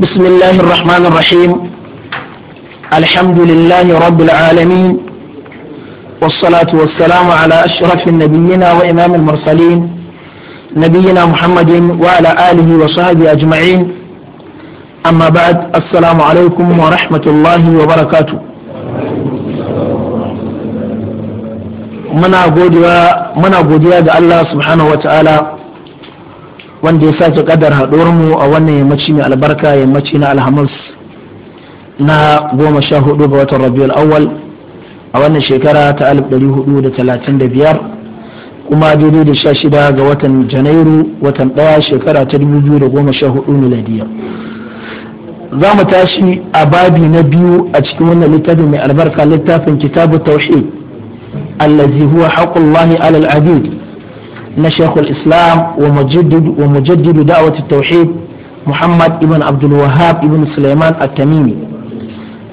بسم الله الرحمن الرحيم الحمد لله رب العالمين والصلاة والسلام على أشرف النبيين وإمام المرسلين نبينا محمد وعلى آله وصحبه أجمعين أما بعد السلام عليكم ورحمة الله وبركاته muna godiya من Allah الله سبحانه وتعالى wanda ya sake kadar haɗuwar mu a wannan yammaci mai albarka yammaci na alhamis na goma sha hudu ga watan rabiul awwal a wannan shekara ta alif ɗari hudu da talatin da biyar kuma daidai da sha shida ga watan janairu watan ɗaya shekara ta dubu biyu da goma sha hudu miladiya za mu tashi a babi na biyu a cikin wannan littafin mai albarka littafin kitabu tauhid allazi huwa haqqullahi alal abid na shekul islam wa mujaddidu da'awati tauhid muhammad ibn abdul wahab ibn sulaiman at-tamimi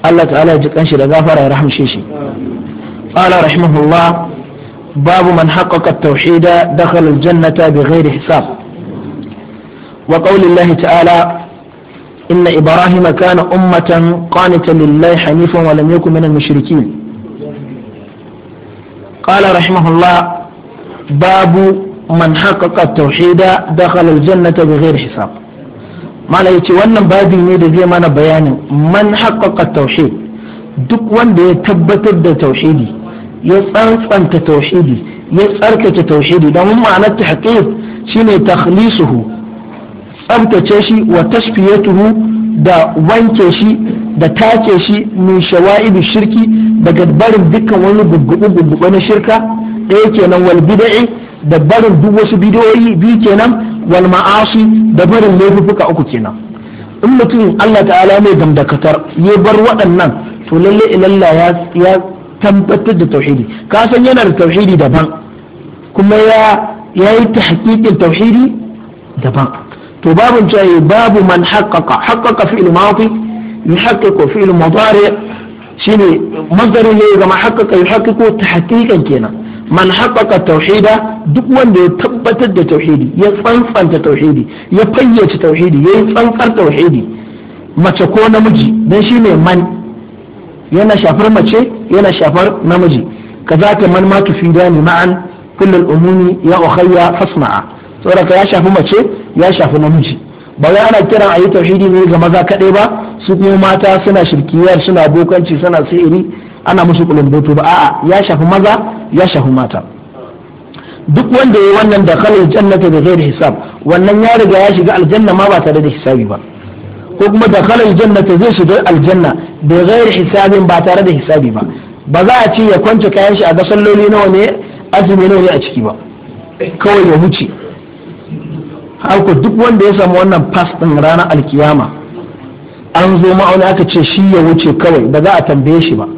Allah ta'ala ya ji kanshi da gafara ya rahamshe shi qala rahimahullah babu man haqqaqa at-tauhid dakhala al-jannata bighairi hisab wa qawli Allah ta'ala inna إبراهيم كان ummatan قانتا لله حنيفا ولم يكن من المشركين قال رحمه الله babu. man haƙaƙa tauhida da halar jannata bighairi hisab mala yace wannan babi ne da zai mana bayanin man haƙaƙa duk wanda ya tabbatar da tauhidi ya tsantsanta tauhidi ya tsarkake tauhidi dan ma'anar ne shine takhlisuhu tsabtace shi wa tasfiyatuhu da wanke shi da take shi min shawa'ibi shirki daga barin dukkan wani gugguɓe-gugguɓe na shirka ɗaya kenan wal bid'i da barin duk wasu bidiyoyi biyu kenan wal ma'asi da barin laifuka uku kenan in mutum Allah ta'ala mai gamdakatar ya bar waɗannan to lalle ilalla ya tabbatar da tauhidi ka san yana da tauhidi daban kuma ya yi ta hakikin tauhidi daban to babu cewa babu man haqqaqa haqqaqa fi'l madi yuhaqqiqu fi'l mudari shine mazdarin ne zama haqqaqa yuhaqqiqu ta hakikan kenan man haɓaka tauhida duk wanda ya tabbatar da tauhidi ya tsantsanta tauhidi ya fayyace tauhidi ya yi tsantsar tauhidi mace ko namiji don shi ne man yana shafar mace yana shafar namiji ka za ta man ma fi ni ma'an kullal umuni ya ukhayya fasma'a saboda ya shafi mace ya shafi namiji ba wai ana kiran a yi tauhidi ne ga maza kaɗai ba su kuma mata suna shirkiyar suna bokanci suna sihiri ana musu kulumboto ba a'a ya shafi maza ya shafi mata duk wanda ya wannan da kalin jannata da zai da hisab wannan ya riga ya shiga aljanna ma ba tare da hisabi ba ko kuma da kalin jannata zai shiga aljanna da zai da hisabi ba tare da hisabi ba ba za a ce ya kwance kayan shi a ga salloli nawa ne azumi nawa ne a ciki ba kawai ya wuce haka duk wanda ya samu wannan fas ɗin ranar alkiyama an zo ma'auni aka ce shi ya wuce kawai ba za a tambaye shi ba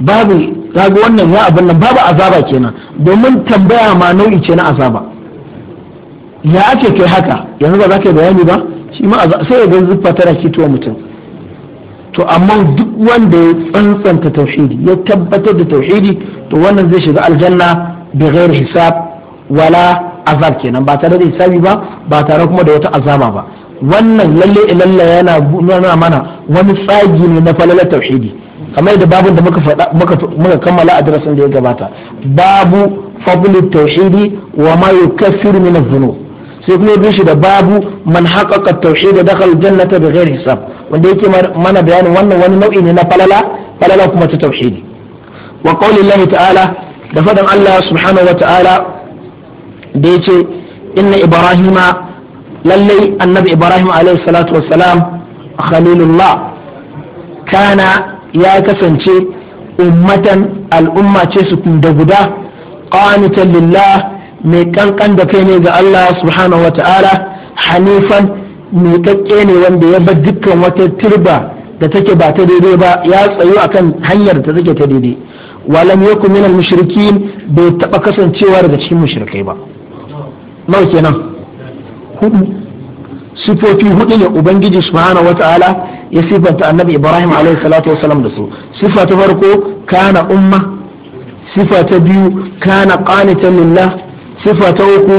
babu kaga wannan ya abin nan babu azaba kenan domin tambaya ma nau'i ce na azaba ya ake kai haka yanzu ba za ka yi bayani ba shi ma sai ya ga zuffa tana kitowa mutum to amma duk wanda ya tsantsanta tauhidi ya tabbatar da tauhidi to wannan zai shiga aljanna bi ghair hisab wala azab kenan ba tare da hisabi ba ba tare kuma da wata azaba ba wannan lalle ilalla yana nuna mana wani tsagi ne na falalar tauhidi kamar yadda babun da muka kammala a darasin da ya gabata babu fadlu tauhidi wa ma yukaffiru min adh sai kuma bin da babu man haqqaqa tauhid dakhal jannata bighairi hisab wanda yake mana bayanin wannan wani nau'i ne na falala falala kuma ta tauhidi wa qaulillahi ta'ala da fadan Allah subhanahu wa ta'ala da yace inna ibrahima lallai annabi ibrahim alaihi salatu wassalam khalilullah kana ya kasance ummatan al'umma ce su da guda qanitan lillah mai kankan da kai ne ga Allah subhanahu wa ta'ala hanifan mai kakke ne wanda ya bar dukkan wata turba da take ba ta daidai ba ya tsayu akan hanyar da take ta daidai walam yakun min al mushrikeen bai taba kasancewa daga cikin mushrikai ba nawa kenan hudu sifofi hudu ne ubangiji subhanahu wa ta'ala ya sifanta annabi ibrahim alaihi salatu wasalam da su sifa ta farko kana umma sifa ta biyu kana qanitan lillah sifa ta uku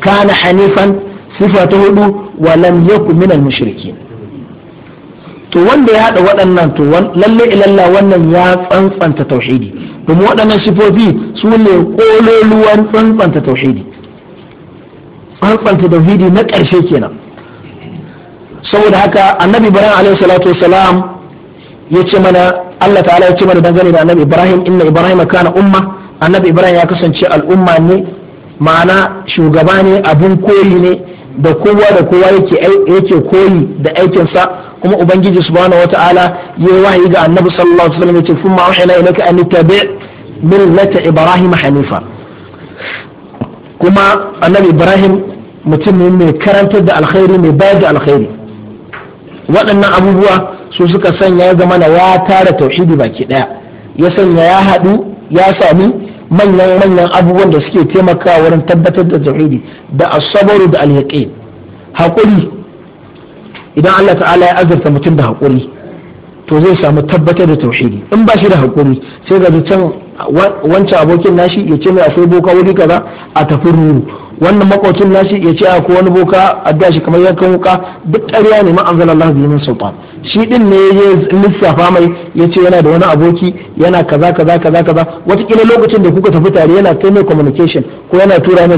kana hanifan sifa ta hudu wa lam yakun minal mushrikin to wanda ya haɗa waɗannan to lalle ilalla wannan ya tsantsanta tauhidi domin waɗannan sifofi su ne ƙololuwan tsantsanta tauhidi tsantsanta tauhidi na ƙarshe kenan saboda haka annabi ibrahim alaihi salatu wasalam ya ce mana Allah ta'ala ya ce mana dangane da annabi ibrahim inna ibrahim kana umma annabi ibrahim ya kasance al'umma ne ma'ana shugaba ne abun koyi ne da kowa da kowa yake yake koyi da aikinsa kuma ubangiji subhanahu wata'ala ya wahayi ga annabi sallallahu alaihi wasallam ya ce thumma wahina ilaka an tabi' millata ibrahim hanifa kuma annabi ibrahim mutum ne mai karantar da alkhairi mai bayar da alkhairi waɗannan abubuwa su suka sanya ya zama na ya tara tauhidi baki ɗaya ya sanya ya haɗu ya sami manyan manyan abubuwan da suke taimakawa wurin tabbatar da tauhidi da asabaru da alhaqi haƙuri idan Allah ta'ala ya azurta mutum da haƙuri to zai samu tabbatar da tauhidi in ba shi da haƙuri sai ga can wancan abokin nashi ya ce mai akwai boka wuri kaza a tafi ruru wannan makocin nashi ya ce a ko wani boka addu'a shi kamar yankan wuka duk ƙarya ne ma allah bihi min sultan shi din ne ya lissafa mai ya ce yana da wani aboki yana kaza kaza kaza kaza watakila lokacin da kuka tafi tare yana kai mai communication ko yana tura mai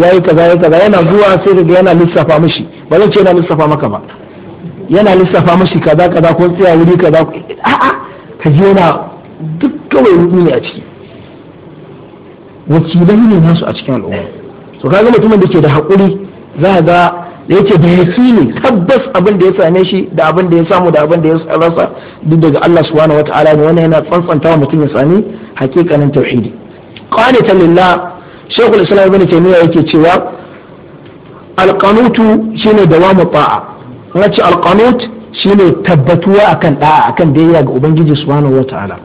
ya yi kaza ya kaza yana zuwa sai daga yana lissafa mishi ba zan ce yana lissafa maka ba yana lissafa mishi kaza kaza ko tsaya wuri kaza a'a ka je yana duk kawai rudu ne a ciki wakilai ne nasu a cikin al'umma so kaga mutumin da ke da haƙuri za a ga da yake da ne tabbas abin da ya same shi da abin da ya samu da abin da ya rasa duk daga Allah subhanahu ta'ala ne wannan yana tsantsantawa mutum ya sami hakikanin tauhidi ta lillah shaykhul islam ibn taymiya yake cewa alqanutu shine dawamu ta'a wace alqanut shine tabbatuwa akan da'a akan biyayya ga ubangiji subhanahu ta'ala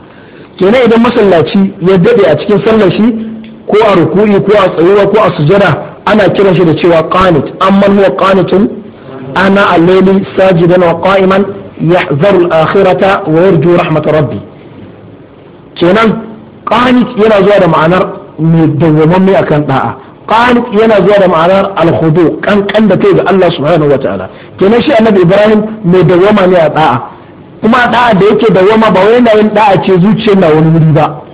kenan idan masallaci ya dade a cikin sallar shi ko a rukuri ko a tsayuwa ko a sujada ana kiran shi da cewa qanit amman huwa qanitun ana al-layli sajidan wa qa'iman yahzaru al-akhirata wa yarju rahmat rabbi kenan qanit yana zuwa da ma'anar mai dawwamamme akan da'a qanit yana zuwa da ma'anar al-khudu kankan da kai ga Allah subhanahu wa ta'ala kenan shi annabi Ibrahim mai dawwama ne a da'a kuma da'a da yake dawwama ba wai yana yin da'a ce zuciyar na wani wuri ba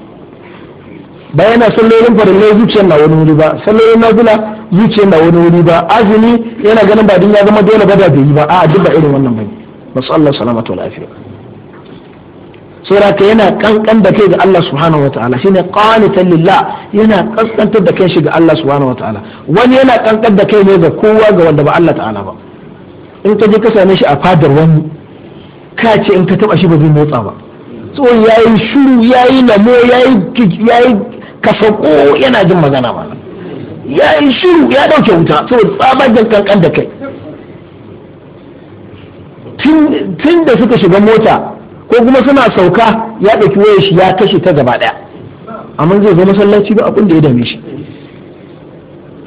ba yana sallolin farillai zuciyar na wani wuri ba sallolin zula zuciyar na wani wuri ba azumi yana ganin ba din ya zama dole ba da bai yi ba a duk ba irin wannan bane masu Allah salamatu wa lafiya saboda yana kankan da kai ga Allah subhanahu wataala shine qanitan lillah yana kaskantar da kai shi ga Allah subhanahu wataala wani yana kankan da kai ne ga kowa ga wanda ba Allah ta'ala ba in ka je ka same shi a fadar wani ka ce in ka taba shi ba zai motsa ba so yayi shuru yayi namo yayi yayi ka yana jin magana malam ya yi shiru ya dauke wuta saboda tsabagen kankan da kai tun da suka shiga mota ko kuma suna sauka ya ɗauki wayar shi ya kashe ta gaba daya amma zai zo masallaci ba abin da ya dame shi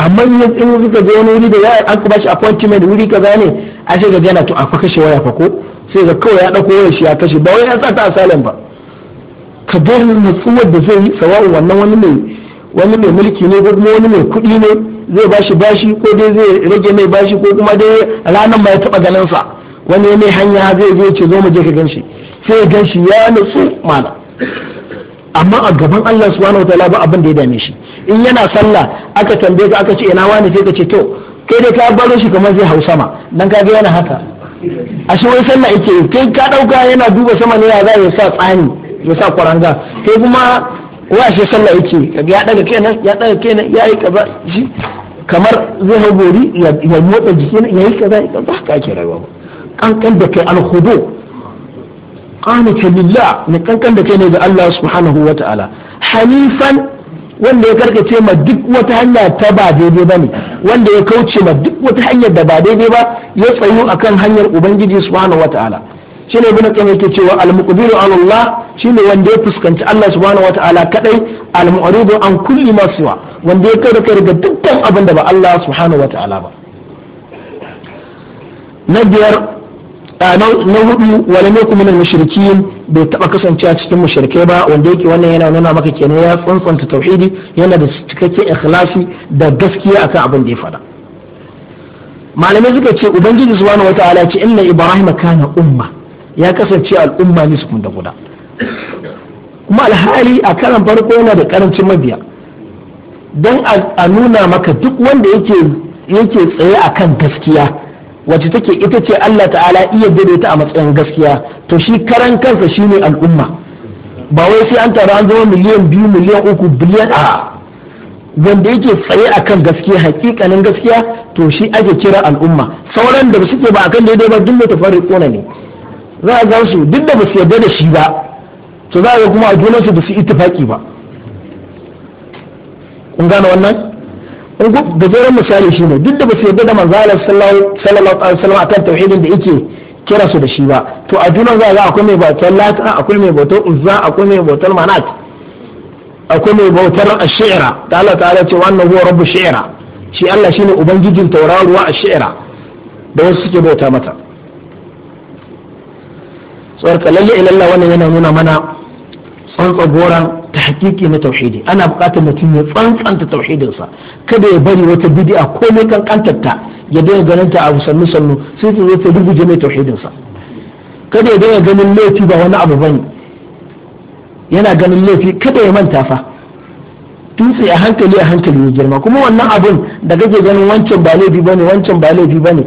amma in suka je wani wuri da ya an kuma shi appointment wuri kaza ne a sai ga yana to akwai kashe waya fa ko sai ga kawai ya ɗauko wayar shi ya kashe ba wai ya sa ta asalin ba ka bar nutsuwar da zai yi sawa'u wannan wani mai wani mai mulki ne ko kuma wani mai kuɗi ne zai bashi bashi ko dai zai rage mai bashi ko kuma dai ranar ma ya taɓa ganin sa wani mai hanya zai zo ce zo mu je ka ganshi sai ganshi ya nutsu mana amma a gaban Allah subhanahu wataala ba abin da ya dame shi in yana sallah aka tambaye ka aka ce ina wani sai ka ce to kai dai ka baro shi kamar zai hau sama dan ka ga yana haka A shi wai sallah yake kai ka dauka yana duba sama ne ya za ya sa tsani ya sa kwaranga kai kuma washe sallah yake kaga ya daga kenan ya daga kenan ya yi kaza shi kamar zai hau gori ya motsa jiki ya yi kaza ya kaza haka ake rayuwa ba kankan da kai alhudu qanata lillah ne kankan da kai ne ga Allah subhanahu wataala hanifan wanda ya karkace ma duk wata hanya ta ba daidai ba ne wanda ya kauce ma duk wata hanyar da ba daidai ba ya tsayo akan hanyar ubangiji subhanahu wataala shine ibn qayyim yake cewa al-muqbilu ala Allah shine wanda ya fuskanci Allah subhanahu wataala kadai al-mu'ridu an kulli ma siwa wanda ya kada kai daga dukkan abin da ba Allah subhanahu wataala ba na biyar na hudu wala ne kuma min mushrikin bai taba kasancewa cikin mushrikai ba wanda yake wannan yana nuna maka kenan ya tsantsanta tauhidi yana da cikakken ikhlasi da gaskiya akan abin da ya faɗa malamai suka ce ubangiji subhanahu wataala ce inna ibrahima kana umma ya kasance al'umma su da guda kuma alhali a karan farko yana da karancin mabiya don a nuna maka duk wanda yake tsaye a kan gaskiya wacce take ita ce Allah ta'ala iya daidaita a matsayin gaskiya to shi karan kansa shi ne al'umma ba wai sai an taru an zama miliyan biyu miliyan uku biliyan a wanda yake tsaye a kan gaskiya hakikanin gaskiya to shi ake kira al'umma sauran da suke ba a akan daidai ba duk ta mutafarriquna ne za a gan su duk da ba su yarda da shi ba to za a ga kuma a junansu ba su ittifaki ba kun gane wannan da sauran misali shi ne duk da ba su yarda da manzalar sallallahu alaihi wasallam akan tauhidin da yake kira su da shi ba to a junan za a ga akwai mai bautar lata akwai mai bautar uzza akwai mai bautar manat akwai mai bautar ashira da Allah ta'ala ce wannan huwa rabbu shi'ra shi Allah shine ubangijin tauraruwa ashira da wasu suke bauta mata tsorka lalle ilalla wannan yana nuna mana tsantsa goran ta hakiki na tauhidi ana buƙatar mutum ya tsantsanta tauhidinsa kada ya bari wata bidi'a ko mai kankantarta ya daina ganin ta abu sannu sannu sai ta zai ta rubuje mai tauhidinsa kada ya daina ganin laifi ba wani abu bane yana ganin laifi kada ya manta fa dutse a hankali a hankali ya girma kuma wannan abun da kake ganin wancan ba laifi bane wancan ba laifi bane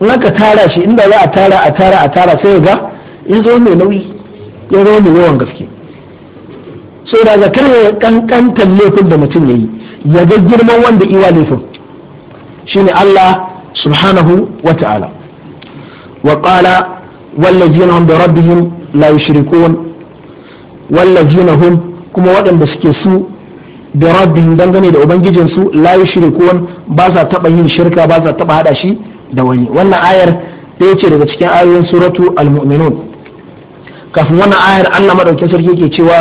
in aka tara shi inda za a tara a tara a tara sai ya ga in zo mai nauyi ya zo mai yawan gaske so da ga kare kankantar laifin da mutum ya yi ya ga girman wanda iwa laifin shine Allah subhanahu wa ta'ala wa qala wallazina hum bi rabbihim la yushrikun wallazina hum kuma waɗanda suke su da rabbihim dangane da ubangijinsu la yushrikun ba sa taba yin shirka ba sa taba hada shi da wani wannan ayar ɗaya ce daga cikin ayoyin suratu al-mu'minun kafin wannan ayar Allah madaukin sarki yake cewa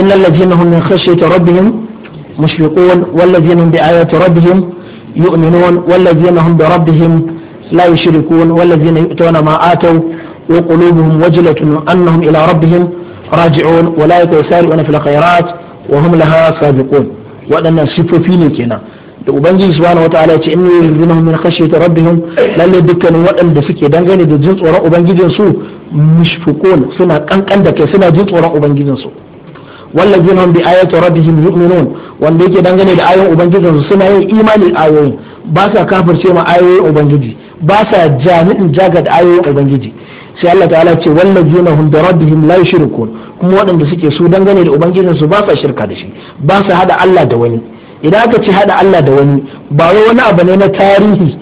innal ladzina hum min khashyati rabbihim mushfiqun wal ladzina hum bi ayati rabbihim yu'minun wal ladzina hum bi rabbihim la yushrikun wal ladzina yu'tuna ma ataw wa qulubuhum wajlatun annahum ila rabbihim raji'un wa la yusari'una fil khairat wa hum laha sabiqun waɗannan sifofi ne kenan da ubangiji subhanahu wataala ya ce inna yuzunahum min khashyati rabbihim lalle dukkanin waɗanda suke dangane da jin tsoron ubangijin su mushfiqun suna kankan da kai suna jin tsoron ubangijinsu wallazina bi ayati rabbihim yu'minun wanda yake dangane da ayoyin ubangijinsu suna yin imani ayoyin ba sa kafirce ma ayoyin ubangiji ba sa jami'in jaga da ayoyin ubangiji sai Allah ta'ala ce wallazina hum bi rabbihim la yushrikun kuma waɗanda suke su dangane da ubangijinsu ba sa shirka da shi ba sa hada Allah da wani idan aka ce hada Allah da wani ba wai wani abu ne na tarihi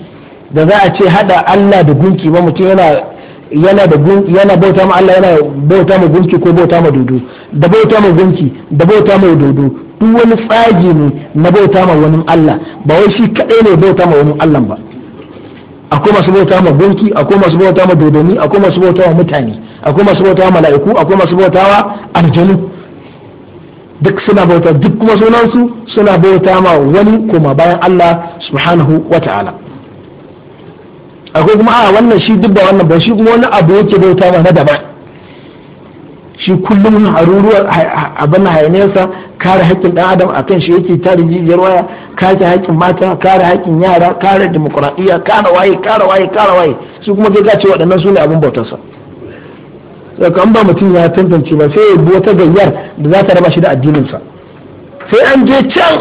da za a ce hada Allah da gunki ba mutum yana yana da yana bauta ma Allah yana bauta ma gunki ko bauta ma dodo da bauta ma gunki da bauta ma dodo duk wani tsaji ne na bauta ma wani Allah ba wai shi kadai ne bauta ma wani Allah ba akwai masu bauta ma gunki akwai masu bauta ma dodoni akwai masu bauta ma mutane akwai masu bauta ma mala'iku akwai masu bauta ma aljanu duk suna bauta duk kuma sunan su suna bauta ma wani kuma bayan Allah subhanahu wata'ala akwai kuma a wannan shi duk ba wannan ba shi kuma wani abu yake bauta ma na daban shi kullum haruruwar abin hayaniyarsa kare haƙƙin ɗan adam akan shi yake tare jijiyar waya kare haƙƙin mata kare haƙƙin yara kare demokuraɗiyya kare waye kare waye kare waye su kuma kai gace waɗannan su ne abin bautarsa daga an ba mutum ya tantance ba sai ya bi wata gayyar da za ta raba shi da addininsa sai an je can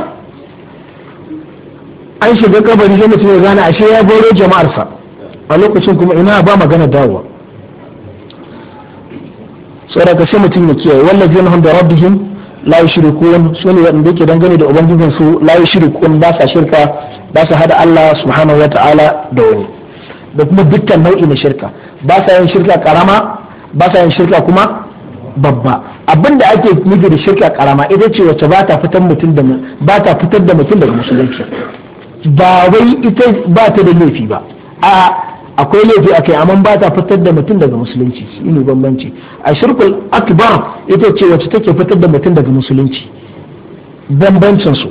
an shiga kabari sai mutum ya gane ashe ya boro jama'arsa a lokacin kuma ina ba magana dawa saboda ka sai mutum ya kiyaye wallazina hum da rabbihim la yushrikun su ne wanda yake dangane da ubangijin su la yushrikun ba sa shirka ba sa hada Allah subhanahu wa ta'ala da wani da kuma dukkan nau'i na shirka ba sa yin shirka karama ba sa yin shirka kuma babba Abinda ake nufi da shirka karama ita ce wacce ba ta fitar mutum da ba ta fitar da mutum daga musulunci ba wai ita ba ta da laifi ba a akwai laifi kai amma ba ta fitar da mutum daga musulunci ne bambanci a shirkul akbar ita ce wacce take fitar da mutum daga musulunci bambancin su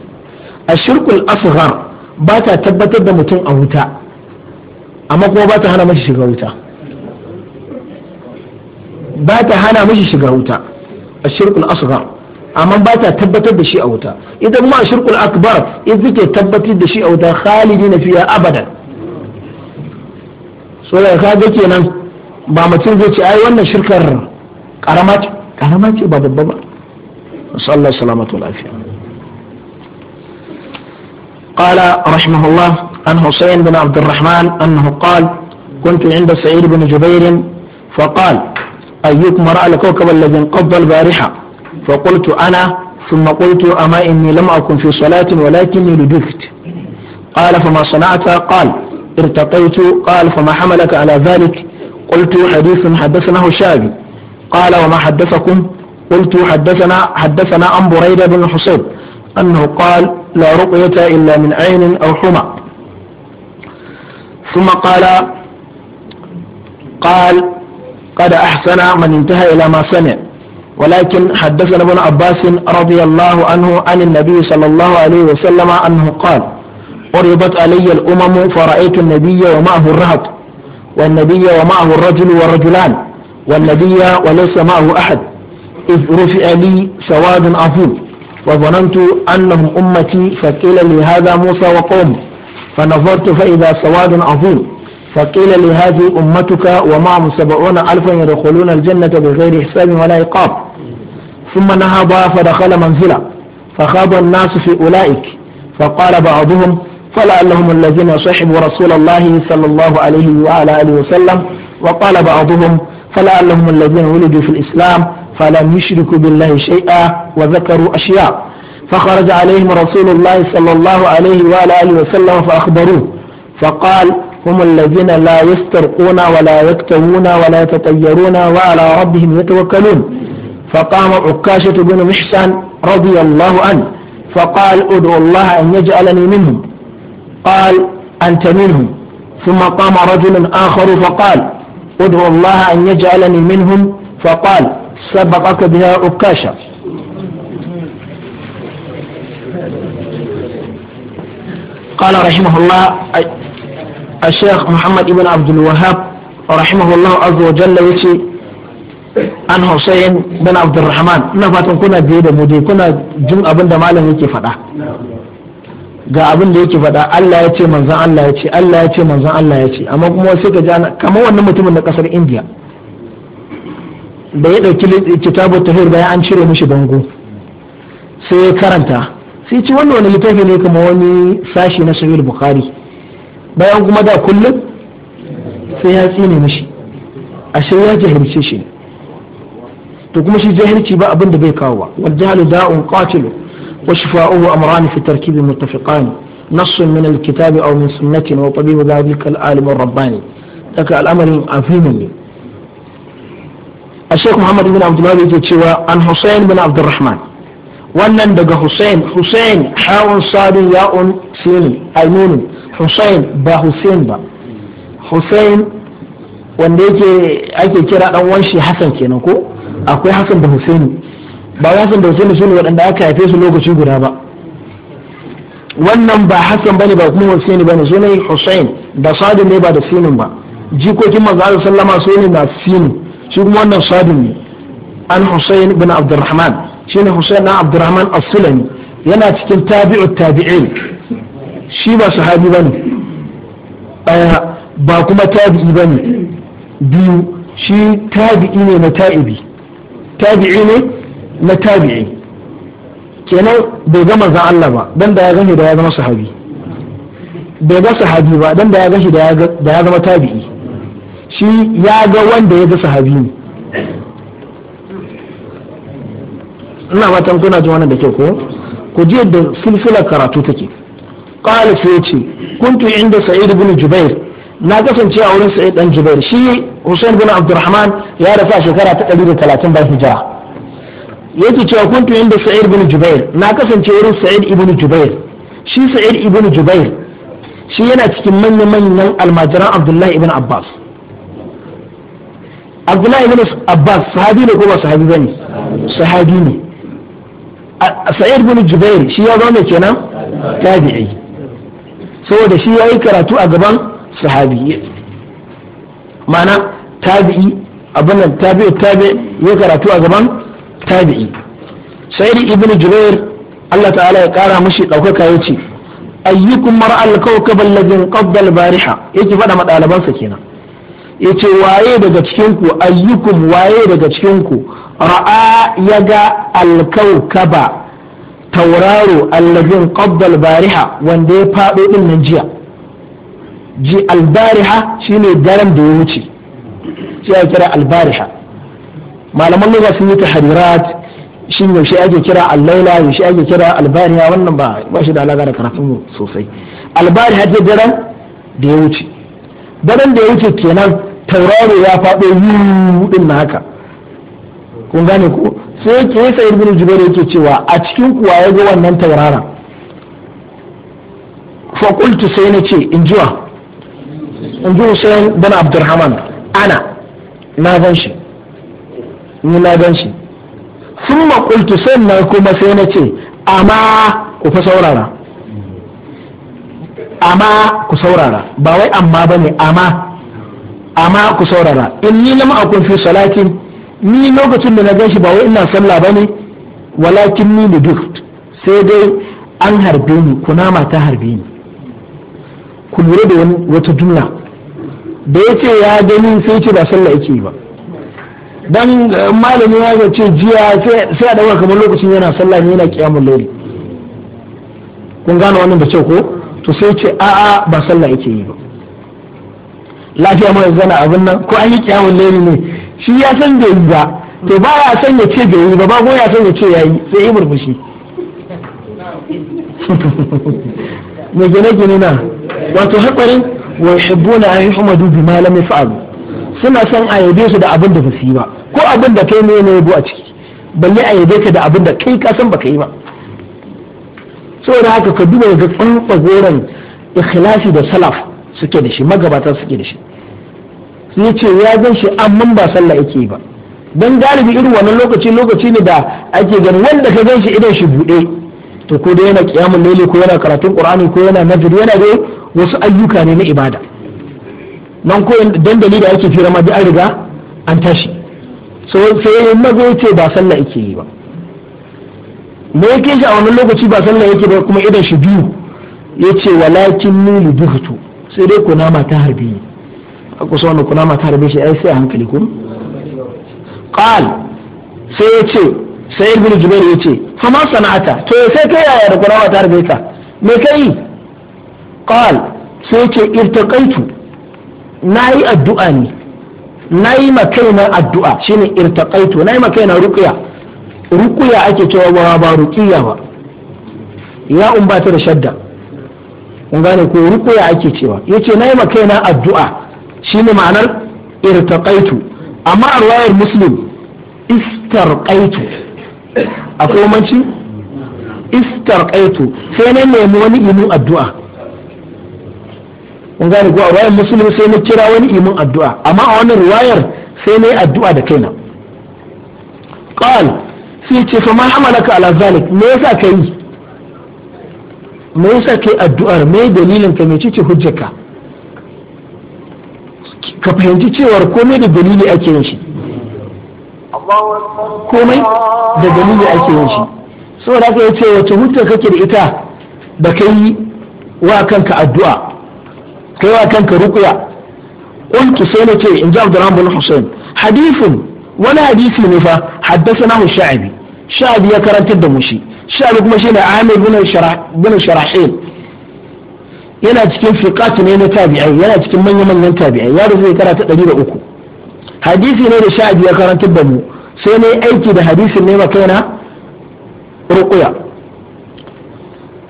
a shirkul asghar ba ta tabbatar da mutum a wuta amma kuma ba ta hana mashi shiga wuta ba ta hana mashi shiga wuta a shirkul asghar amma ba ta tabbatar da shi a wuta Idan ma a shirkul akbar idan take tabbatar da shi a wuta khalidina fiya abadan so da ka ga kenan ba mutum zai ce ai wannan shirkar karama ce karama ce ba babba ba sallallahu salamatu lafiya قال رحمه الله عن حسين بن عبد الرحمن أنه قال كنت عند سعيد بن جبير فقال أيكم رأى الكوكب الذي انقض البارحة فقلت أنا ثم قلت أما إني لم أكن في صلاة ولكني لدفت قال فما صنعت قال ارتقيت قال فما حملك على ذلك قلت حديث حدثناه الشعبي قال وما حدثكم قلت حدثنا حدثنا عن بريدة بن حصيب أنه قال لا رقية إلا من عين أو حمى ثم قال قال قد أحسن من انتهى إلى ما سمع ولكن حدثنا ابن عباس رضي الله عنه عن النبي صلى الله عليه وسلم أنه قال قربت علي الأمم فرأيت النبي ومعه الرهط والنبي ومعه الرجل والرجلان والنبي وليس معه أحد إذ رفع لي سواد عظيم وظننت أنهم أمتي فقيل لي هذا موسى وقومه فنظرت فإذا سواد عظيم فقيل لي هذه أمتك ومعهم سبعون ألفا يدخلون الجنة بغير حساب ولا عقاب ثم نهض فدخل منزلا فخاب الناس في أولئك فقال بعضهم فلعلهم الذين صحبوا رسول الله صلى الله عليه وعلى آله وسلم وقال بعضهم فلعلهم الذين ولدوا في الإسلام فلم يشركوا بالله شيئا وذكروا أشياء فخرج عليهم رسول الله صلى الله عليه وعلى آله وسلم فأخبروه فقال هم الذين لا يسترقون ولا يكتوون ولا يتطيرون وعلى ربهم يتوكلون فقام عكاشة بن محسن رضي الله عنه فقال ادعو الله أن يجعلني منهم قال أنت منهم ثم قام رجل آخر فقال ادعو الله أن يجعلني منهم فقال سبقك بها أكاشا قال رحمه الله الشيخ محمد بن عبد الوهاب رحمه الله عز وجل يتي عن حسين بن عبد الرحمن fatan كنا biye da كنا جمع بند مالا يكي فتح ga abin da yake faɗa Allah ya ce manzan Allah ya ce Allah ya ce manzan Allah ya ce amma kuma wasu ka jana kamar wannan mutumin na kasar India da ya ɗauki kitabu tahir bayan an cire mishi bango sai ya karanta sai ce wannan wani littafi ne kamar wani sashi na sahih bukhari bayan kuma da kullum sai ya tsine mishi ashe ya jahilce shi to kuma shi jahilci ba abin da bai kawo ba wal jahlu da'un qatilu وشفاؤه أمران في تركيب متفقان نص من الكتاب أو من سنة وطبيب ذلك العالم الرباني لك الأمر أفهمني الشيخ محمد بن عبد الله يتشوى عن حسين بن عبد الرحمن wannan daga Hussein Hussein hawan sadin ya'un sinin ainun Hussein ba Hussein ba Hussein wanda yake ake kira dan wanshi Hassan kenan ko akwai Hassan da Hussein ba Hassan da Husaini su ne waɗanda aka haife su lokaci guda ba wannan ba Hassan bane ba kuma Husaini bane su ne Hussein da Sadin ne ba da Sinin ba jikokin manzo Allah sallama su ne na Sin shi kuma wannan Sadin ne an Husain bin Abdurrahman shine Husain na Abdurrahman As-Sulami yana cikin tabi'u tabi'in shi ba sahabi bane ɗaya ba kuma tabi'i bane biyu shi tabi'i ne na ta'ibi tabi'i ne na tabi'i kenan bai ga manzon Allah ba dan da ya gani da ya zama sahabi bai ga sahabi ba dan da ya gani da ya zama tabi'i shi ya ga wanda ya ga sahabi ne ina fatan kuna jin wannan da ke ko ku ji yadda silsilar karatu take qala sai yace kuntu inda sa'id ibn jubair na kasance a wurin sa'id dan jubair shi husain bin abdurrahman ya rafa shekara ta 130 bayan hijira yake cewa kuntu inda sa'id ibn jubair na kasance wurin sa'id ibn jubair shi sa'id ibn jubair shi yana cikin manyan manyan almajiran abdullahi ibn abbas abdullahi ibn abbas sahabi ne ko ba sahabi bane sahabi ne sa'id ibn jubair shi ya zama kenan tabi'i saboda shi ya yi karatu a gaban sahabi ma'ana tabi'i abin nan tabi'i tabi'i ya karatu a gaban tabi'i sai ibnu jubair Allah ta'ala ya kara mashi ɗaukaka ya ce ayyukum mar'al kawkab alladhin qabda bariha yake faɗa ma ɗalibansa kenan yace waye daga cikin ku ayyukum waye daga cikin ku ra'a yaga alkawkaba tauraro alladhin qabda bariha wanda ya faɗo din nan jiya ji albariha shine daren da ya wuce sai ya kira albariha. malaman lura sun yi tahrirat shin yaushe ake kira al-laila yaushe ake kira albaniya wannan ba ba shi da alaka da karatun mu sosai albani hajji daren da ya wuce daren da ya wuce kenan tauraro ya faɗo yudin na haka kun gane ko sai yake sai ibnu jubair yake cewa a cikin kuwa ya ga wannan tauraron fa qultu sai na ce in jiwa in ji Hussein bin Abdurrahman ana na zan shi ni na gan shi sun makultu sannan kuma sai na ce amma ku fa saurara amma ku saurara ba wai amma ba amma amma ku saurara in ni lam akun fi salatin ni lokacin da na gan shi ba wai ina sallah ba ne walakin ni duk sai dai an harbe ni kunama ta harbe ni ku lura da wata jumla da ya ya gani sai ce ba sallah yake ba dan eh, malami ya ga ce jiya sai a dauka kamar lokacin yana sallah ne yana kiyamul layl kun gane wannan da ce ko to sai ce a'a ba sallah yake yi ba lafiya mai zana abin nan ko an yi kiyamul layl ne shi ya san bai yi ba to ba ya san ya ce bai yi ba ba ko ya san ya ce yayi sai yi murmushi ne gine gane na wato haƙarin wa yuhibbuna an yuhmadu bima lam yaf'alu suna son a yabe su da abin da ba su yi ba ko abin da kai ne ya bu a ciki balle a yabe ka da abin da kai ka san baka yi ba saboda haka ka duba ga tsantsa goron ikhlasi da salaf suke da shi magabata suke da shi sai ce ya gan shi amman ba sallah yake ba dan galibi irin wannan lokaci lokaci ne da ake ganin wanda ka gan shi idan shi bude to ko da yana kiyamun lele ko yana karatun qur'ani ko yana nazari yana da wasu ayyuka ne na ibada nan ko dandali da ake fira ma an riga an tashi sai yin mazo ya ce ba sallah yake yi ba me yake shi a wannan lokaci ba sallah yake ba kuma idan shi biyu ya ce walakin ni lubuhtu sai dai kunama ta harbi ni a kusa wannan kunama ta harbe shi ai sai a hankali kun qal sai ya ce sai ibn jubair ya ce fama sana'ata to sai kai yaya da kunama ta harbe ka me kai qal sai ya ce irtaqaitu nayi addu'a ne na yi makaina addu'a shine irtaqaitu na yi makaina rukuya rukuya ake cewa ba ba ruqya ba ya ba ta da shadda kun gane ko rukuya ake cewa yace na yi makaina addu'a shine ma'anar irtaqaitu amma a ruwayar muslim istarqaitu akwai manci istarqaitu sai na nemi wani ilimin addu'a kun gane ko a wayan musulmi sai na kira wani imin addu'a amma a wannan ruwayar sai na yi addu'a da kaina qal sai ce fa ma amalaka ala zalik me yasa kai me yasa kai addu'ar me dalilin ka me ce hujjarka ka fahimci cewar komai da dalili ake yin shi komai da dalili ake yin shi saboda haka yace wace hujja kake da ita da kai wa kanka addu'a kai wa kanka ruqya qultu sai na ce in ji Abdurrahman bin Hussein hadithun wani hadisi ne fa haddathana Sha'bi Sha'bi ya karantar da mu shi Sha'bi kuma shine Amir bin Sharahil yana cikin fiqat ne na tabi'ai yana cikin manyan manyan tabi'ai ya rubuta karata 103 hadisi ne da Sha'bi ya karanta da mu sai ne aiki da hadisin ne ma kaina ruqya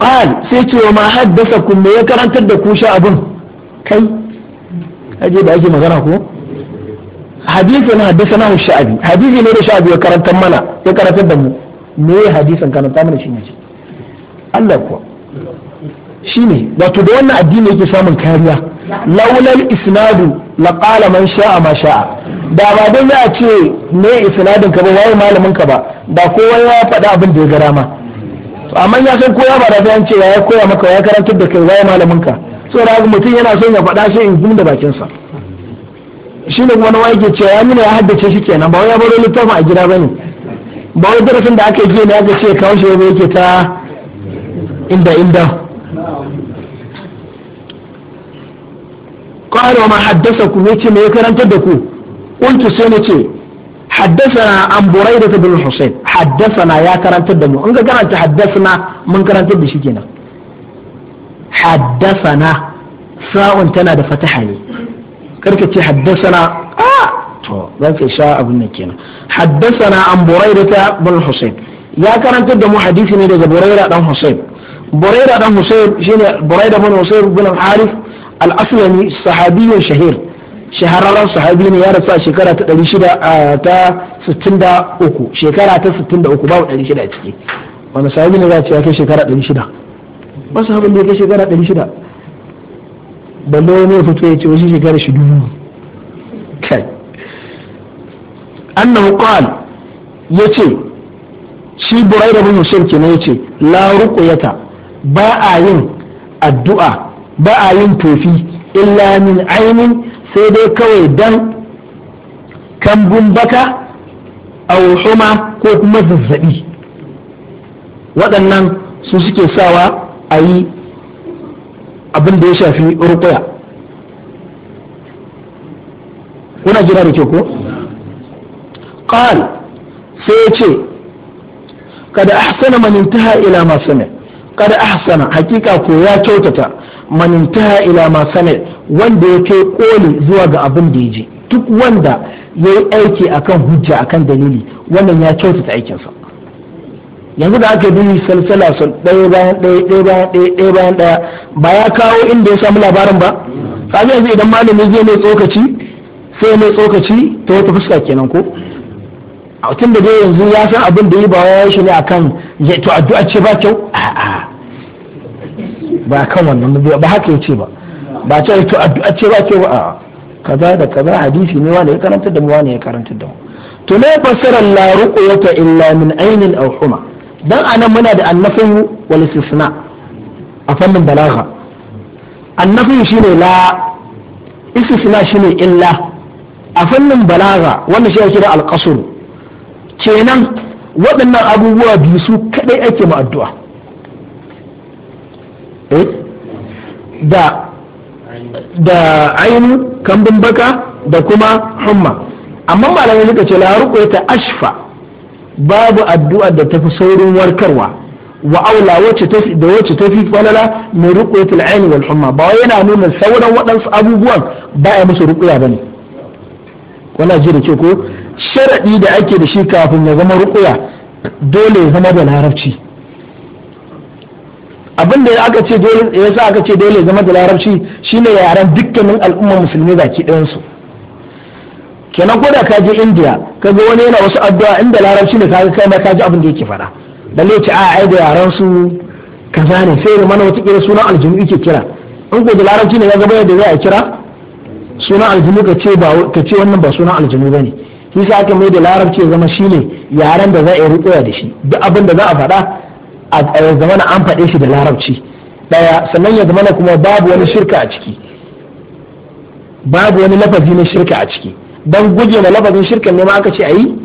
قال سيتي وما حدثكم ما يكرن تدكوش أبن kai aje da ake magana ko hadisi na haddasa sha'abi hadisi ne da sha'abi ya karanta mana ya karantar da mu me ya hadisin karanta mana shi ne ce Allah kuwa shi ne wato da wannan addini yake samun kariya laulal isnadu qala man sha'a ma sha'a da ba dan ya ce me isnadin ka ba wai malamin ka ba da kowa ya faɗi abin da ya gara ma amma ya san koya ba da zan ce ya koya maka ya karantar da kai wai malamin ka sau da mutum yana son ya faɗa sai in gum da bakinsa shi ne wani wani ke ce ya nuna ya haddace shi kenan ba wai ya baro littafin a gida bane ba wai darasin da aka yi ne aka ce kawo shi ne yake ta inda inda qala ma haddathakum yace me ya karanta da ku kuntu sai ne ce haddathana an buraida bin husayn haddathana ya karanta da mu in ga garanta haddathana mun karanta da shi kenan haddasana sa'un tana da fataha ne karka ce haddasana a ah! to za ka sha abin nan kenan haddasana an burairata bin husayn ya karanta da mu hadisi ne daga buraira dan husayn buraira dan husayn shine buraira bin husayn bin harith al-aslami sahabiyyun shahir shahararren sahabi ne ya rasu a shekara ta 600 ta 63 shekara ta 63 babu 600 a ciki wani sahabi ne za a ce ya kai shekara 600 ba su da ya kai shekara ɗari shida balle wani ya fito ya ce wasu shekara shi dubu kai annahu ya ce, shi da bin ya ce laruku ya ta ba a yin addu'a ba a yin tofi illa min ainin sai dai kawai dan kambun baka a huma ko kuma zazzabi waɗannan su suke sawa a yi abin da ya shafi rukuya kuna jira da ke ko qal sai ce kada ahsana man intaha ila ma kada ahsana hakika ko ya kyautata man intaha ila ma wanda ya kai koli zuwa ga abin da ya je duk wanda ya yi aiki akan hujja akan dalili wannan ya kyautata aikinsa yanzu da ake bi salsala sun ɗaya bayan ɗaya ɗaya bayan ɗaya ɗaya bayan ɗaya ba ya kawo inda ya samu labarin ba kaga yanzu idan malami zai mai tsokaci sai mai tsokaci ta wata fuska kenan ko a tun da dai yanzu ya san abin da yi ba ya shi ne akan ya to addu'a ce ba kyau a'a ba kan wannan ba haka yace ba ba ce to addu'a ce ba kyau a'a kaza da kaza hadisi ne wani ya karanta da mu wani ya karanta da mu to ne fasara la ruqyata illa min ainin aw huma dan anan muna da annafiyu wal istisna a fannin balagha annafiyu shine la istisna shine illa a fannin balagha wannan shi kira al-qasr kenan waɗannan abubuwa biyu su kadai ake ma addu'a eh? da da ainu kambun baka da kuma humma amma malamai suka ce la ta ashfa babu addu'a da tafi saurin warkarwa wa aula wacce ta da wacce ta fi falala mai ruqyatul aini wal humma ba wai yana nuna sauran waɗansu abubuwan ba ya musu ruqya bane wala ji da ke ko sharadi da ake da shi kafin ya zama ruqya dole ya zama da larabci abin da aka ce dole yasa aka ce dole ya zama da larabci shine yaren dukkanin al'ummar musulmi baki ɗayan su kenan ko da ka je India ga wani yana wasu addu'a inda larabci ne kaga kai ma ka ji abin da yake faɗa ne ce a ai da yaran su kaza ne sai da mana wata kira sunan aljumu'i ke kira in ko da larabci ne kaga bayar da zai kira sunan aljumu ka ce ka ce wannan ba sunan aljumu bane shi sa aka mai da larabci zama shine yaran da za a yi riƙoya da shi duk abin da za a faɗa a zamana an faɗe shi da larabci daya sannan ya zamana kuma babu wani shirka a ciki babu wani lafazi na shirka a ciki don guje da lafazin shirkan ne ma aka ce a yi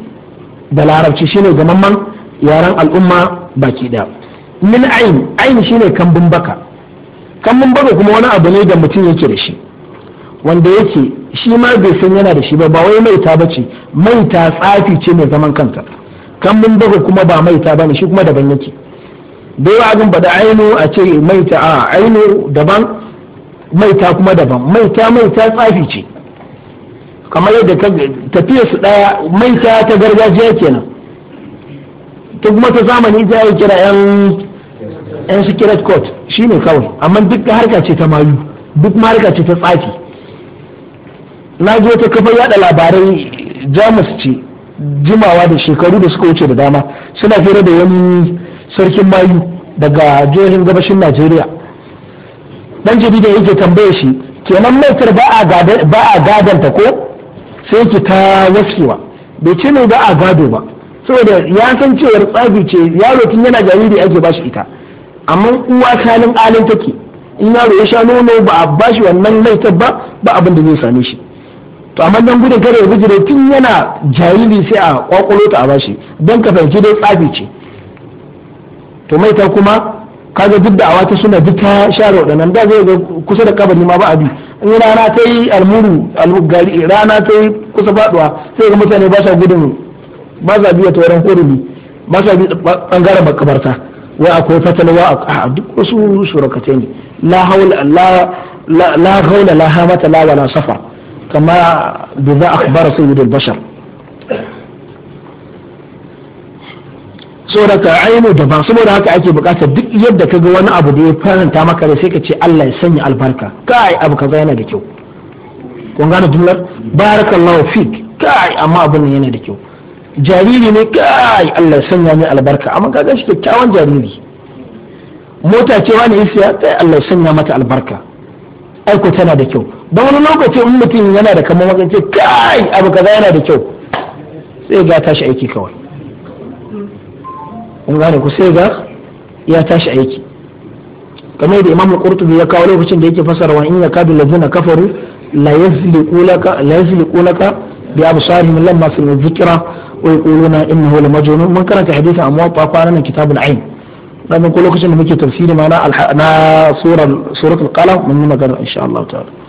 da larabci shine gamamman yaren al'umma baki da min ayin ayin shine kambun baka kambun baka kuma wani abu ne da mutum yake da shi wanda yake shi ma bai san yana da shi ba ba wai ta ba ce ta tsafi ce mai zaman kanta kambun baka kuma ba mai ta bane shi kuma daban yake bai wa abin bada ainu a ce ta a ainu daban mai ta kuma daban Mai ta mai ta tsafi ce kamar yadda tafiyar su daya maita ta gargajiya kenan ta kuma ta zamani ta yi kira yan yan secret court ne kawai amma duk harka ce ta mayu duk ma harka ce ta tsafi na ji wata kafar yada labarai jamus ce jimawa da shekaru da suka wuce da dama suna fira da wani sarkin mayu daga jihohin gabashin najeriya dan jarida yake tambaye shi kenan maitar ba a gadanta ko sai ki ta waskewa bai ce mai ba a gado ba saboda ya san cewar tsafi ce yaro tun yana jariri ake ba shi ita amma uwa kalin alin take in yaro ya sha nono ba a ba shi wannan laifin ba ba abin da zai same shi to amma dan gudun kare ya bijire tun yana jariri sai a kwakwalo ta a ba shi don ka fahimci dai tsafi ce to maita kuma kaga duk da awata suna duk ta share waɗannan da zai ga kusa da kabari ma ba a bi in rana ta yi almuru algari rana ta yi kusa faduwa sai ga mutane ba sa gudun ba sa biya wurin hurumi ba sa bi bangaren makabarta wai akwai fatalwa a duk wasu surakatai ne la haula la la haula la hamata la wala safa kama bi za akhbara sayyidul bashar saboda ka ainu daban saboda haka ake bukatar duk yadda ka ga wani abu da ya faranta maka da sai ka ce Allah ya sanya albarka kai abu kaza yana da kyau kun gane jumlar barakallahu fik kai amma abin ne yana da kyau jariri ne kai Allah ya sanya mai albarka amma kaga shi kyakkyawan jariri mota ce wani isiya kai Allah ya sanya mata albarka aiko tana da kyau da wani lokaci in mutum yana da kamar wajen ce kai abu kaza yana da kyau sai ga tashi aiki kawai kun gane ku sai ga ya tashi aiki kamar da imam qurtubi ya kawo lokacin da yake fasarwa in ya kabila lazina kafaru la yasliqulaka la yasliqulaka bi absarihim lamma sami dhikra wa yaquluna innahu la majnun mun karanta hadisi amma wa kwanan kitabul ain dan ko lokacin da muke tafsiri ma na na sura suratul qalam mun yi magana insha Allah ta'ala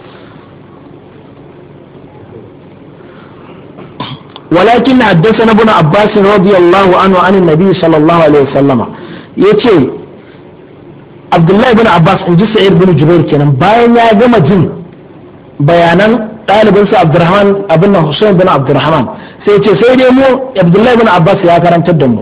walakin haddathana ibn abbas radiyallahu anhu an annabi sallallahu alaihi wasallama yace abdullahi ibn abbas in ji sa'id ibn jubair kenan bayan ya gama jin bayanan ɗalibinsa abdurrahman abin nan husain bin abdurrahman sai ce sai dai mu abdullahi bin abbas ya karantar da mu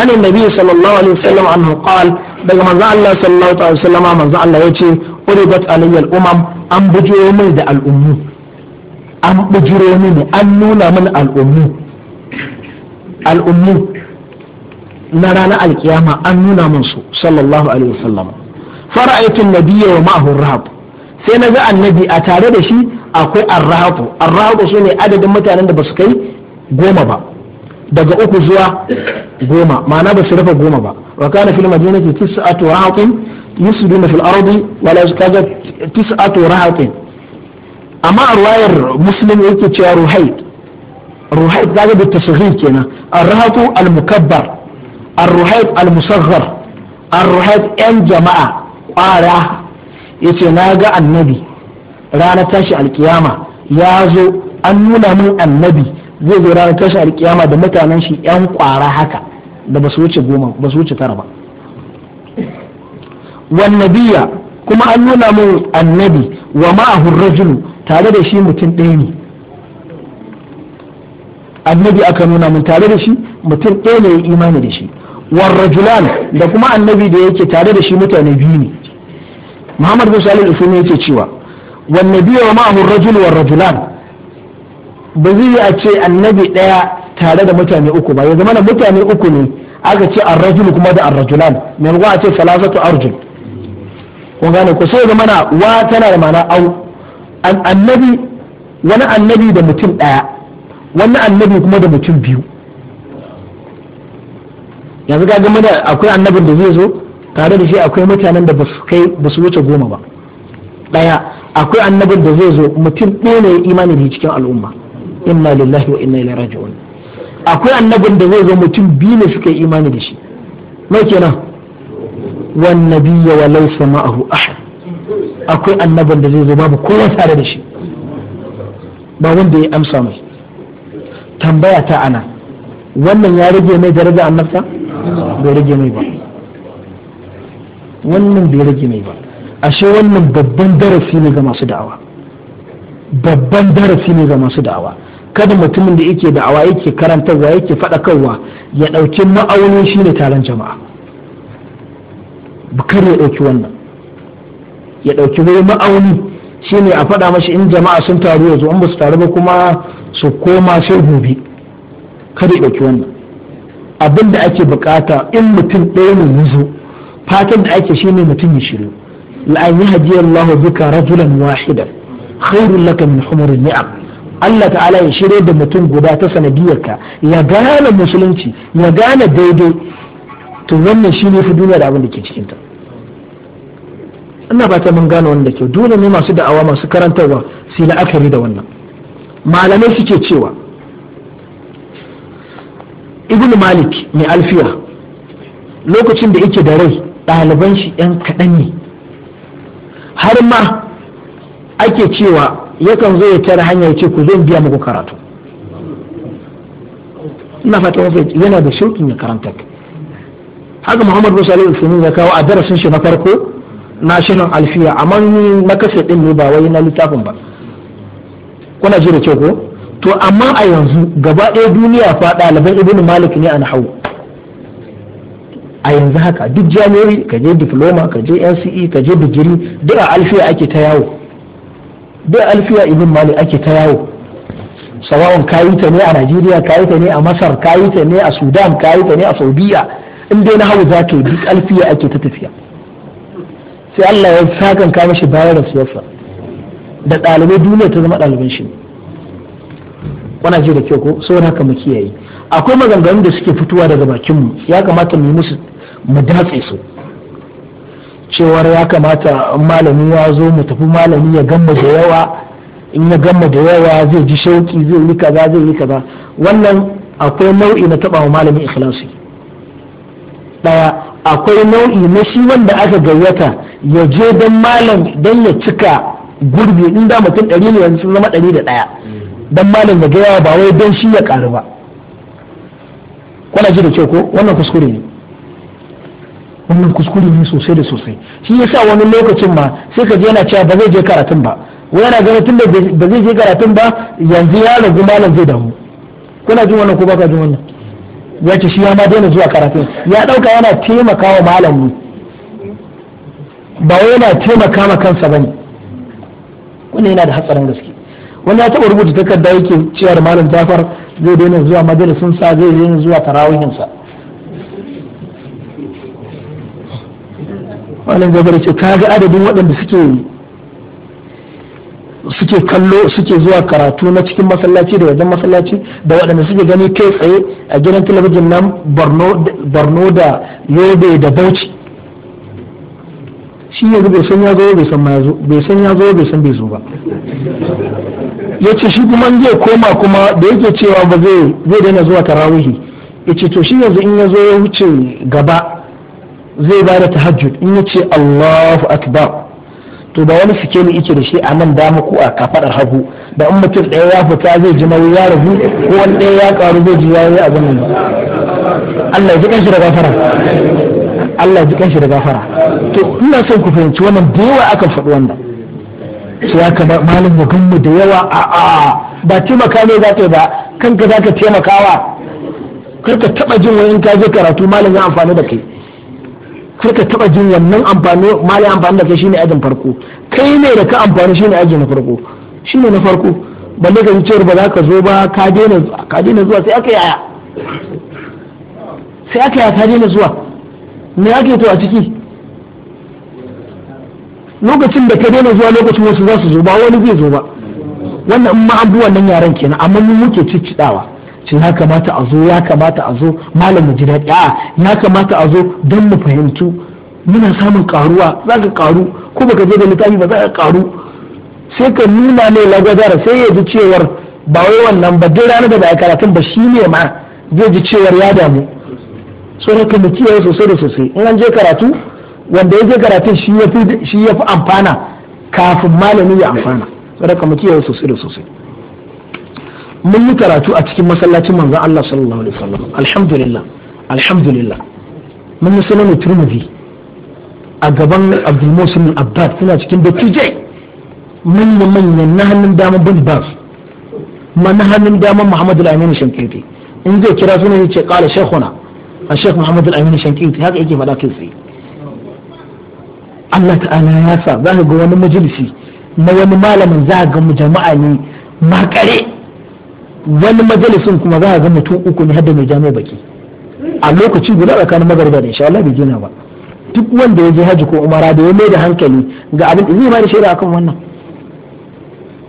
an nabi sallallahu alaihi wasallam anhu qal daga manzo Allah sallallahu alaihi wasallam manzo Allah yace uridat alayya al-umam an buje mai da al'ummu an bujiro mini an nuna mini al'ummu al'ummu na ranar alkiyama an nuna min su sallallahu alaihi wasallam fara'aitun nabiyya wa ma'ahu rahab sai na ga annabi a tare da shi akwai arrahabu arrahabu su ne adadin mutanen da ba su kai goma ba daga uku zuwa goma ma'ana ba su rufe goma ba wa kana fil madinati tis'atu rahatin yusduna fil ardi wa la kaza tis'atu rahatin amma a ruwayar muslim yake cewa ruhaid ruhaid zaga da tasirin kenan ar-rahatu al-mukabbar ar-ruhaid al-musaghar ar yan jama'a kwara yace na ga annabi ranar tashi alkiyama ya zo an nuna min annabi zai zo ranar tashi alkiyama da mutanen shi yan kwara haka da ba su wuce goma ba su wuce tara ba wannabiya kuma an nuna min annabi wa ma'ahu rajulu tare da shi mutum ɗaya ne annabi aka nuna mun tare da shi mutum ɗaya ne ya imani da shi warrajulan da kuma annabi da yake tare da shi mutane biyu ne muhammad bin salih al yake cewa wan nabiyyu wa ma'ahu rajul warrajulan ba zai a ce annabi ɗaya tare da mutane uku ba ya zama da mutane uku ne aka ce arrajul kuma da arrajulan maimakon a ce salasatu arjul kun gane sai zama na wa tana da ma'ana au annabi wani annabi da mutum ɗaya wani annabi kuma da mutum biyu yanzu ga game da akwai annabin da zai zo tare da shi akwai mutanen da ba su wuce goma ba ɗaya akwai annabin da zai zo mutum ɗaya ne imani da cikin al'umma inna lillahi wa inna ilaihi raji'un akwai annabin da zai zo mutum biyu ne suka yi imani da shi mai kenan wan nabiyya wa laysa ma'ahu ahad akwai annaban da zai zo babu kowa tare da shi ba wanda ya amsa mai tambaya ta ana wannan ya rage mai daraja annabta bai rage mai ba wannan bai rage mai ba ashe wannan babban darasi ne ga masu da'awa babban darasi ne ga masu da'awa kada mutumin da yake da'awa yake karantarwa yake faɗakarwa ya ɗauki ma'aunin shi ne taron jama'a bukar ya ɗauki wannan ya ɗauki wani ma'auni shi ne a faɗa mashi in jama'a sun taru yanzu an ba su taru ba kuma su koma sai gobe kada ya ɗauki wannan abin da ake bukata in mutum ɗaya ne yazo fatan da ake shi ne mutum ya shiru la'an yi hajiyar Allah bika rajulan wahida khairun laka min humurin ni'am Allah ta'ala ya shirya da mutum guda ta sanadiyyarka ya gane musulunci ya gane daidai to wannan ne fi duniya da abin da ke cikinta ina ba ta mun gane wanda kyau dole ne masu da'awa masu karantarwa su la'akari da wannan malamai suke cewa ibn malik mai alfiya lokacin da yake da rai ɗaliban shi 'yan kaɗan ne har ma ake cewa yakan zo ya tara hanya ce ku biya muku karatu ina fata wasu yana da shauƙin ya karanta haka muhammad musa alaihi ya kawo a darasin shi na farko Na shirin alfiya amma na makasa din ne ba wai na littafin ba kuna ji da kyau ko to amma a yanzu gaba ɗaya duniya fa ɗaliban ibn malik ne a hau a yanzu haka duk jami'o'i ka je diploma ka je nce ka je digiri duk a alfiya ake ta yawo duk alfiya ibn malik ake ta yawo sawa'un kayi ta ne a najeriya kayi ta ne a masar kayi ta ne a sudan kayi ta ne a saudiya in dai hau za ka yi duk alfiya ake ta tafiya sai Allah ya sakanka mashi bayan rasuwarsa da ɗalibai duniya ta zama ɗaliban shi wana ji da kyau ko saboda haka mu kiyaye akwai maganganun da suke fitowa daga bakinmu ya kamata mu yi musu mu datse su cewar ya kamata malami ya zo mu tafi malami ya gamma da yawa in ya gamma da yawa zai ji shauki zai yi kaza zai yi kaza wannan akwai nau'i na taba wa malami ikhlasi daya akwai nau'i na shi wanda aka gayyata ya je don malam don ya cika gurbi in da mutum ɗari ne yanzu sun zama ɗari da ɗaya don malam ya gaya ba wai don shi ya ƙaru ba kwana ji da kyau ko wannan kuskure ne wannan kuskure ne sosai da sosai shi ya sa wani lokacin ma sai ka je yana cewa ba zai je karatun ba wai yana ganin tunda ba zai je karatun ba yanzu ya ragu malam zai damu kuna jin wannan ko ba ka jin wannan ya ce shi ya ma daina zuwa karatun ya dauka yana wa malami ba wai yana taimaka ma kansa ba ne wannan yana da hatsarin gaske wani ya taɓa rubuta takarda yake da malam jafar zai daina zuwa majalisun sa zai daina zuwa tarawihin sa malam jafar ce kaga adadin waɗanda suke suke kallo suke zuwa karatu na cikin masallaci da wajen masallaci da waɗanda suke gani kai tsaye a gidan talabijin nan borno da yobe da bauchi shi yanzu bai san ya zo bai san ya bai san ya zo bai san bai zo ba ya ce shi kuma zai koma kuma da yake cewa ba zai zai daina zuwa tarawihi ya ce to shi yanzu in ya zo ya wuce gaba zai ba da tahajjud in ya ce allahu akbar to da wani sikeli yake da shi a nan dama ko a kafadar hagu da in mutum ɗaya ya fita zai ji nauyi ya rabu ko wani ɗaya ya karu zai ji yayi a nan Allah ya ji kanshi da gafara Allah ya ji kanshi da gafara to ina son ku fahimci wannan da yawa akan faɗi wannan sai ya kama malin mu da yawa a a ba taimaka ne za ta yi ba kanka za ka taimakawa kar ka taɓa jin wani in ka je karatu malin ya amfani da kai kar ka taba jin wannan amfani mali amfani da kai shine ajin farko kai ne da ka amfani shine aji na farko shine na farko balle ka ji cewar ba za ka zo ba ka daina ka daina zuwa sai aka yaya sai aka yaya ka daina zuwa me yake to a ciki lokacin da ka daina zuwa lokacin wasu za su zo ba wani zai zo ba wannan in ma an bi wannan yaran kenan amma mu muke ciccidawa ci ya kamata a zo ya kamata a zo malam mu ji daɗi a ya kamata a zo don mu fahimtu muna samun karuwa za ka karu ko baka je da littafi ba za ka karu sai ka nuna mai lagwadar sai ya ji cewar ba wai wannan ba duk ranar da ba a karatun ba shi ne ma zai ji cewar ya damu so ka mu kiyaye sosai da sosai in an je karatu wanda ya je karatun shi ya fi amfana kafin malami ya amfana so ka mu kiyaye sosai da sosai mun yi karatu a cikin masallacin manzon Allah sallallahu alaihi wasallam alhamdulillah alhamdulillah mun yi sunan turmudi a gaban Abdul Musin abbad suna cikin dattijai mun yi manyan na hannun dama bin bas ma na hannun dama Muhammad al-Amin Shankiti in zai kira sunan yace qala shaykhuna al محمد الأمين haka yake يجي kai sai Allah ta'ala ya sa za ga wani majalisi na wani malamin za ga mu jama'a ne makare wani majalisin kuma za a ga mutum uku ne hadda mai jami'a baki a lokaci guda tsakanin magarba da insha Allah bai gina ba duk wanda ya je haji ko umara da ya mai da hankali ga abin da zai ba da shaida akan wannan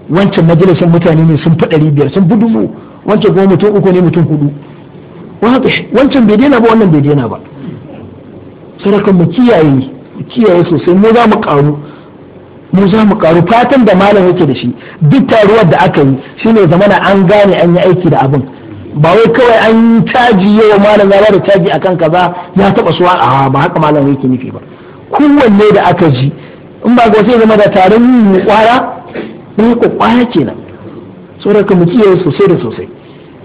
wancan majalisin mutane ne sun faɗari biyar sun dubu, wancan kuma mutum uku ne mutum hudu wancan bai daina ba wannan bai daina ba sadakan mu kiyaye mu kiyaye sosai mu za mu karu mu za mu karu fatan da malam yake da shi duk taruwar da aka yi shine zamana an gane an yi aiki da abin ba wai kawai an taji yau malam ya bada taji akan kaza ya taba suwa a ba haka malam yake nufi ba kowanne da aka ji in ba ga sai zama da taron mu kwara mu ko kwara kenan saboda mu kiyaye sosai da sosai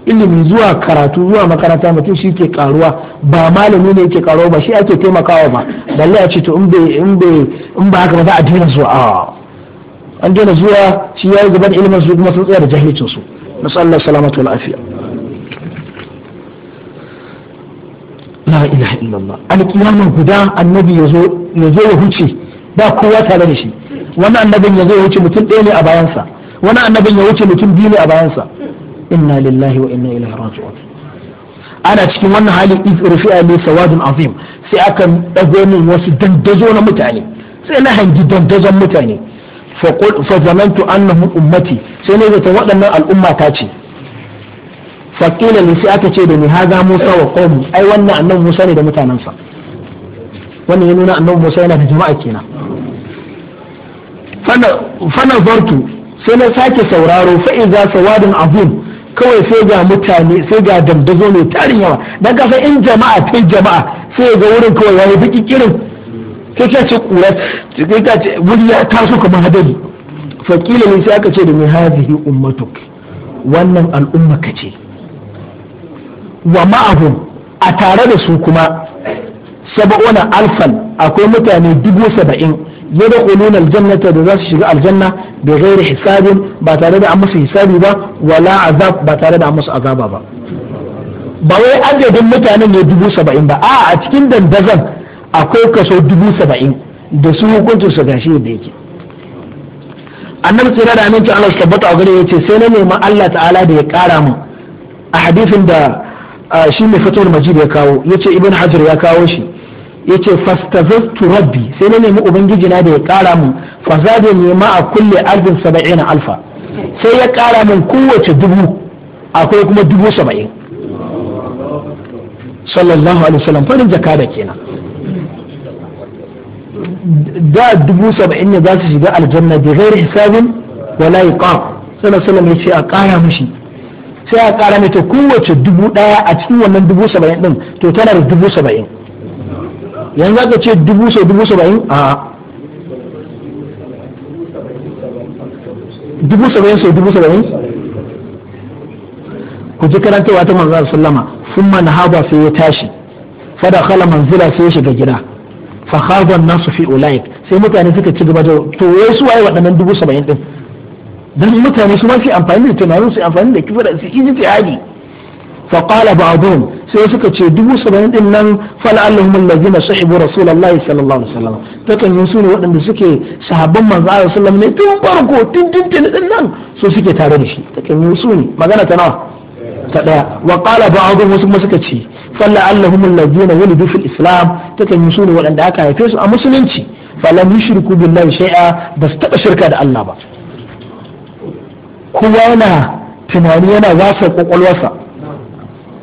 ilimi zuwa karatu zuwa makaranta mutum shi ke karuwa ba malami ne yake karuwa ba shi ake taimakawa ba balle a ce to in ba haka ba za a daina zuwa a an daina zuwa shi ya yi gaban ilimin su kuma sun tsaya da jahilcin su na nasallallahu salamatu wal afiya la ilaha illallah alqiyama guda annabi ya zo ya huce ba kowa tare da shi wani annabin ya zo ya huce mutum ɗaya ne a bayansa wani annabin ya wuce mutum biyu ne a bayansa inna lillahi wa inna ilaihi raji'un ana cikin wannan hali rufi'a li sawadun azim sai aka dago min wasu dandazo na mutane sai na hangi dandazon mutane fa zanantu annahum ummati sai ne zata waɗannan al'umma ta ce faƙila ne sai aka ce da ni haza musa wa qaumi ai wannan annabi musa ne da mutanansa. wannan ya nuna annabi musa yana da jama'a kenan fana zartu sai na sake sauraro fa iza sawadun azim kawai sai ga mutane sai ga dandazo mai tarin yawa dan kasa in jama'a ta jama'a sai ga wurin kawai yayi baki kirin sai ka ce kura sai ka ce wuri ya taso kamar hadari fakila ne sai aka ce da mai hadihi ummatuk wannan al'umma ka ce wa ma'ahum a tare da su kuma saba'una alfan akwai mutane dubu saba'in yadkhuluna aljannata da za su shiga aljanna bai gairi hisabi ba tare da an musu hisabi ba wala azab ba tare da an musu azaba ba ba wai adadin mutanen ne dubu saba'in ba a a cikin dandazon akwai kaso dubu saba'in da su hukuncin su gashi da yake annabi sai da aminci Allah su tabbata gare ya ce sai na neman Allah ta'ala da ya kara mu a hadisin da shi mai fatuwar majid ya kawo ya ce ibn hajar ya kawo shi yace fastazartu rabbi sai na nemi ubangiji na da ya kara mun fazada ne ma a kulle albin saba'ina alfa sai ya kara mun kowace dubu akwai kuma dubu saba'in sallallahu alaihi wasallam farin jakada kenan da dubu saba'in ne za su shiga aljanna bi ghairi hisabin wala iqab sallallahu alaihi a kara mushi sai a kara mata kowace dubu daya a cikin wannan dubu saba'in din to tana da dubu saba'in yanzu aka ce dubu sau dubu saba'in a dubu saba'in sau dubu saba'in ku ji karantarwa ta manzan sallama sun mana haba sai ya tashi fada kala manzila sai ya shiga gida fa khaban nasu fi ulaik sai mutane suka ci gaba da to wai su waye waɗannan dubu saba'in din dan mutane su ma su amfani da tunanin su amfani da kifa da su iji jihadi فقال بعضهم sai suka ce dubu saba'in din nan fala allahumma allazina sahibu rasulullahi sallallahu alaihi wasallam takan yin su ne waɗanda suke sahabban manzo Allah ne tun farko tun tun tun nan so suke tare da shi takan yin su ne magana ta nawa ta daya wa qala wasu suka ce fala allahumma allazina wulidu fil islam takan yin su aka haife su a musulunci falam yushriku billahi shay'a ba su taɓa shirka da Allah ba kowa yana tunani yana wasa kwakwalwarsa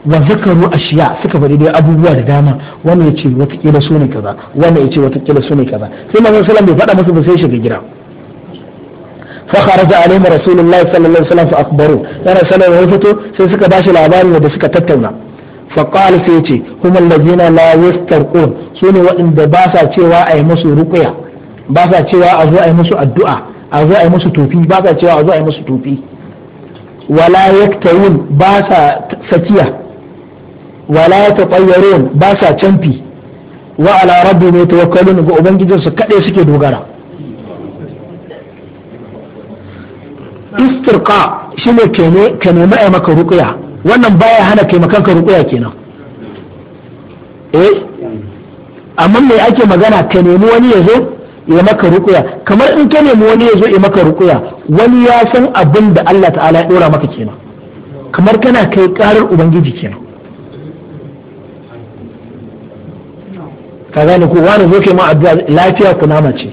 wa zakaru ashiya suka faɗi dai abubuwa da dama wani ya ce watakila su ne kaza wani ya ce watakila su ne kaza sai manzo sallam bai faɗa masu ba sai shiga gida fa kharaja alaihi rasulullahi sallallahu alaihi wasallam fa akhbaru yana sallallahu alaihi wasallam sai suka bashi labarin da suka tattauna fa qala sai ce kuma allazina la yastarqun sune wadanda ba sa cewa a yi musu ruqya ba sa cewa a zo a yi musu addu'a a zo a yi musu tofi ba sa cewa a zo a yi musu tofi wala yaktayun ba sa sakiya wala yatafayyarun ba sa canfi wa ala mai tawakkalun ga ubangijinsu kaɗai suke dogara istirka shi ne ka nemi a maka rukuya. wannan baya hana kai kanka rukuya kenan eh amma me ake magana ka nemi wani ya zo ya maka rukuya. kamar in ka nemi wani ya zo ya maka rukuya, wani ya san abin da Allah ta'ala ya dora maka kenan kamar kana kai karar ubangiji kenan ka gane ko wani zo kai ma addu'a lafiya ku nama ce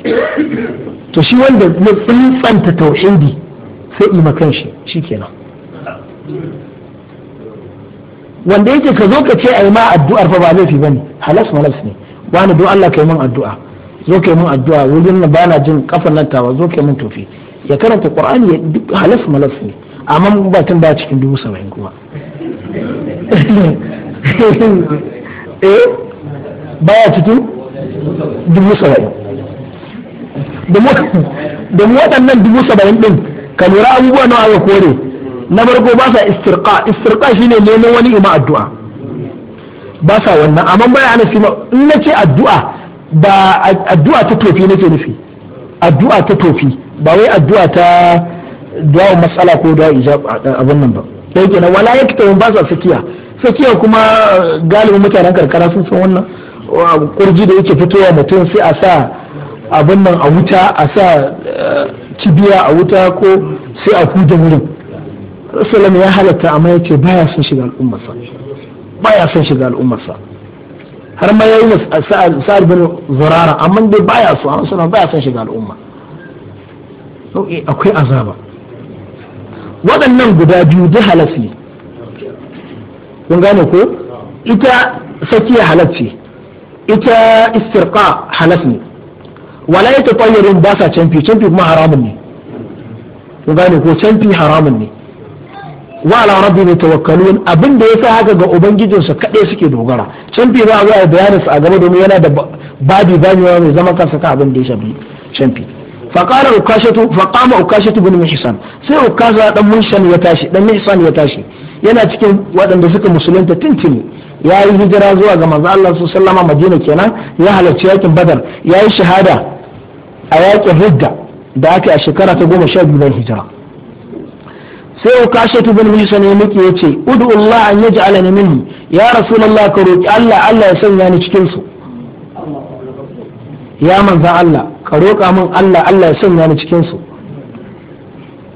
to shi wanda ya tsantsanta tauhidi sai ima kanshi kenan. wanda yake ka zo ka ce ai ma addu'ar fa ba laifi bane halas malas ne wani don Allah kai min addu'a zo kai min addu'a wurin na bana jin kafan nan tawa zo kai min tofi ya karanta qur'ani ya duk halas malas ne amma ba tun ba cikin dubu saba'in kuma eh baya cikin dubu saba'in domin waɗannan dubu saba'in ɗin ka lura abubuwa nawa aka kore na farko ba sa istirka shi shine neman wani ima addu'a ba sa wannan amma baya ana sima in na ce addu'a ba addu'a ta tofi nake nufi addu'a ta tofi ba wai addu'a ta du'a matsala ko duwa ijab abin nan ba dai kenan wala yakta ba sa sakiya sakiya kuma galibin mutanen karkara sun san wannan kurji da yake fitowa mutum sai a sa abin nan a wuta a sa cibiya eh, a wuta ko sai a kuje wurin rasulam ya halatta amma ya ce baya son shiga al'ummarsa baya son shiga al'ummarsa har ma yayi sa'ad bin zurara amma dai baya so amma suna baya son shiga al'umma sauki eh, akwai azaba waɗannan guda biyu duk halasi kun gane ko ita sakiya halacci ita istirqa halas ne wala ita tayyirin ba sa canfi canfi kuma haramun ne ku gane ko canfi haramun ne wa ala rabbi ne tawakkalun abin da yasa haka ga sa kadai suke dogara canfi za a zo a bayanin sa a gaba domin yana da babi ganewa mai zaman kansa ka abin da ya shafi canfi فقال ukashatu bin أكاشة sai محسن dan أكاشة ya tashi dan دم ya tashi yana cikin waɗanda suka musulunta tuntuni ya yi hijira zuwa ga manzo Allah su sallama madina kenan ya halarci yakin badar ya yi shahada a yakin ridda da aka a shekara ta goma sha biyu hijira sai ukasha ibn musa ne muke yace ud'u Allah an yaj'alani minhu ya rasulullah ka roki Allah Allah ya sanya ni cikin su ya manzo Allah ka roka min Allah Allah ya sanya ni cikin su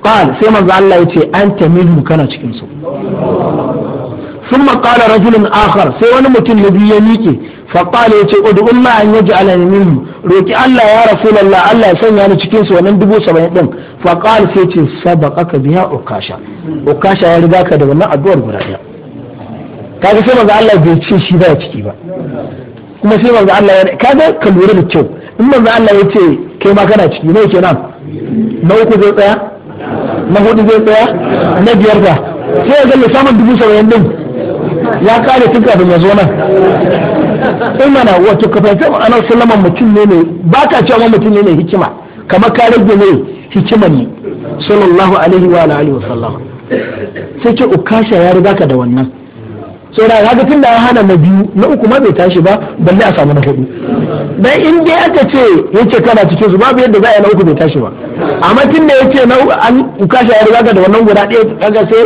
qal sai manzo Allah yace anta minhu kana cikin su ثم قال رجل آخر sai wani mutum na biyu ya miƙe faƙala ya ce udu umma an yaji alani minhu roƙi Allah ya rasu lalla, Allah ya sanya ni cikin su wannan dubu saba'in ɗin faƙala sai ce sabaqaka biya ukasha ukasha ya riga ka da wannan addu'ar guda ɗaya kaga sai manzo Allah bai ce shi ba ciki ba kuma sai manzo Allah ya kaga ka lura da kyau in manzo Allah ya ce kai ma kana ciki ne nan na uku zai tsaya na huɗu zai tsaya na biyar ba sai ya ga samun dubu saba'in din ya kare tun kafin ya zo nan in mana wato ka fahimci ma'anar sallama mutum ne ne ba ka cewa mutum ne ne hikima kamar ka rage ne hikiman ne sallallahu alaihi wa alihi wa sallam sai ce ukasha ya riga ka da wannan sai da tun da ya hana na biyu na uku ma bai tashi ba balle a samu na hudu dan in dai aka ce yace kana cikin su babu yadda za a yi na uku bai tashi ba amma tun da yace na an ukasha ya riga ka da wannan guda ɗaya kaga sai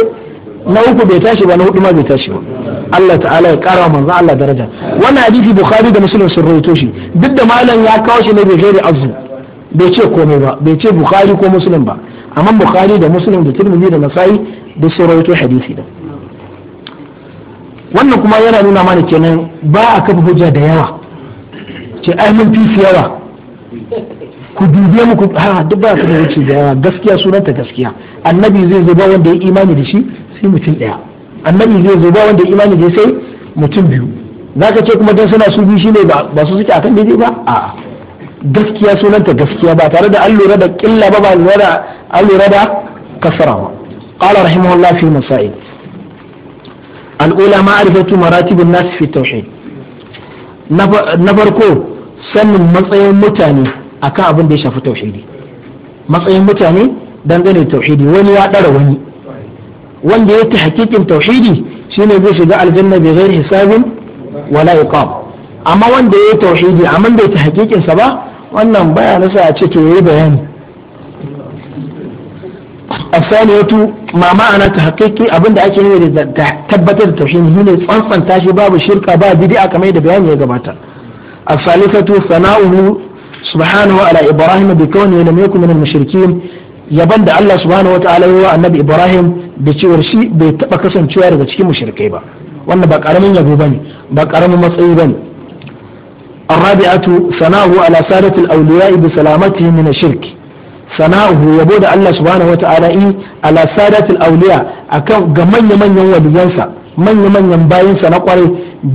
na uku bai tashi ba na hudu ma bai tashi ba Allah ta'ala ya kara manzo Allah daraja wannan hadisi bukhari da muslim sun rawaito shi duk da malam ya kawo shi ne bai gairi azu bai ce komai ba bai ce bukhari ko muslim ba amma bukhari da muslim da tirmidhi da nasai da sun rawaito hadisi da wannan kuma yana nuna mana kenan ba a kafa hujja da yawa ce ai mun fi yawa ku dubiye mu ku ha duk ba da wuce da yawa gaskiya sunanta gaskiya annabi zai zuba wanda ya imani da shi sai mutum ɗaya annabi zai zo ba wanda imani da sai mutum biyu za ka ce kuma dan suna su biyu shine ba su suke akan daidai ba a gaskiya sunanta gaskiya ba tare da an da killa ba ba lura da an lura da kasara ba qala rahimahullah fi masail al-ula fi tauhid na farko sanin matsayin mutane akan abin da ya shafi tauhidi matsayin mutane dangane tauhidi wani ya dara wani wanda ta hakikin tauhidi shine zai shiga aljanna bi ghairi hisabin wala iqam amma wanda yayi tauhidi amma bai ta hakikin sa ba wannan baya nasa a ce to yayi bayani asaniyatu ma ma'ana ta hakiki abinda ake nufi da tabbatar da tauhidi shine tsantsanta shi babu shirka ba bid'a kamar da bayani ya gabata asalifatu sana'uhu subhanahu ala ibrahim bi kawnihi lam yakun min al-mushrikeen yaban da Allah subhanahu ta'ala ya wa annabi Ibrahim da cewar shi bai taba kasancewa daga cikin mushrikai ba wannan ba karamin yabo bane ba karamin matsayi bane الرابعة ثناؤه على سادة الأولياء بسلامتهم من shirk. sana'uhu yabo da Allah subhanahu ta'ala yi ala sadatul awliya akan ga manya manyan waliyansa manya manyan bayansa na kwarai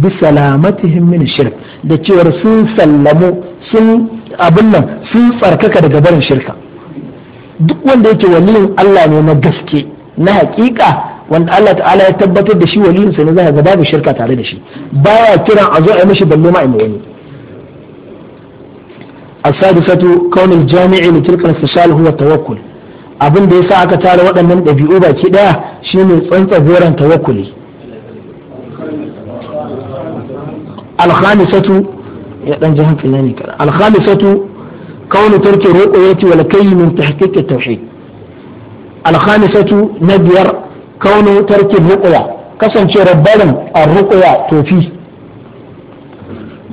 bi salamatihim min shirk da cewar sun sallamu sun abin nan sun tsarkaka daga barin shirka duk wanda yake waliyin Allah ne na gaske na hakika wanda Allah ta'ala ya tabbatar da shi waliyin sa ne za ga babu shirka tare da shi baya kiran a zo a mishi balle ma inda wani as-sadisatu kaun jamii li tilka al-fisal huwa tawakkul abin da yasa aka tara waɗannan ɗabi'u baki ɗaya shine tsantsa goran tawakkuli al-khamisatu ya dan ji hankali ne kada al-khamisatu كون ترك الرؤية والكي من تحقيق التوحيد الخامسة نبير كون ترك الرؤية كسن ربنا الرؤية توفي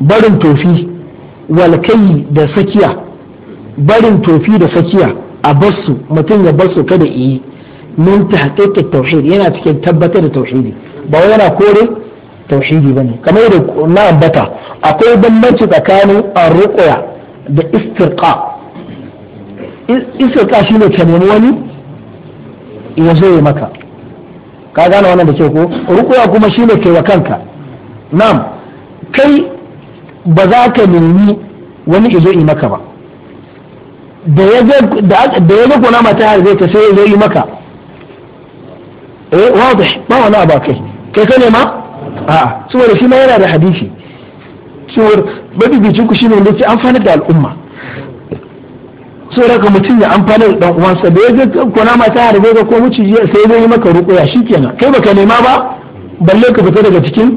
barin tofi walkai da sakiya barin tofi da sakiya a basu mutum ya basu kada yi min tahqiqat tauhid yana cikin tabbatar da tauhidi ba wai yana kore tauhidi bane kamar da na akwai bambanci tsakanin arruqya da istirqa shi ne ka nemi wani ya zo ya maka ka gane wannan da ke ko rukuya kuma shine kai wa kanka nam kai ba za ka nemi wani ya zo yi maka ba da ya ga kuna mata har zai ka sai ya zo yi maka eh wadih ba wani abu kai kai ka nema a'a saboda shi ma yana da hadisi cewar madubicin ku shine wanda yake amfanar da al'umma saboda mutum ya amfana da dan uwansa da ya ga kona ma ta harbe ka ko miciji sai zai yi maka rukuya shikenan kai baka nema ba balle ka fita daga cikin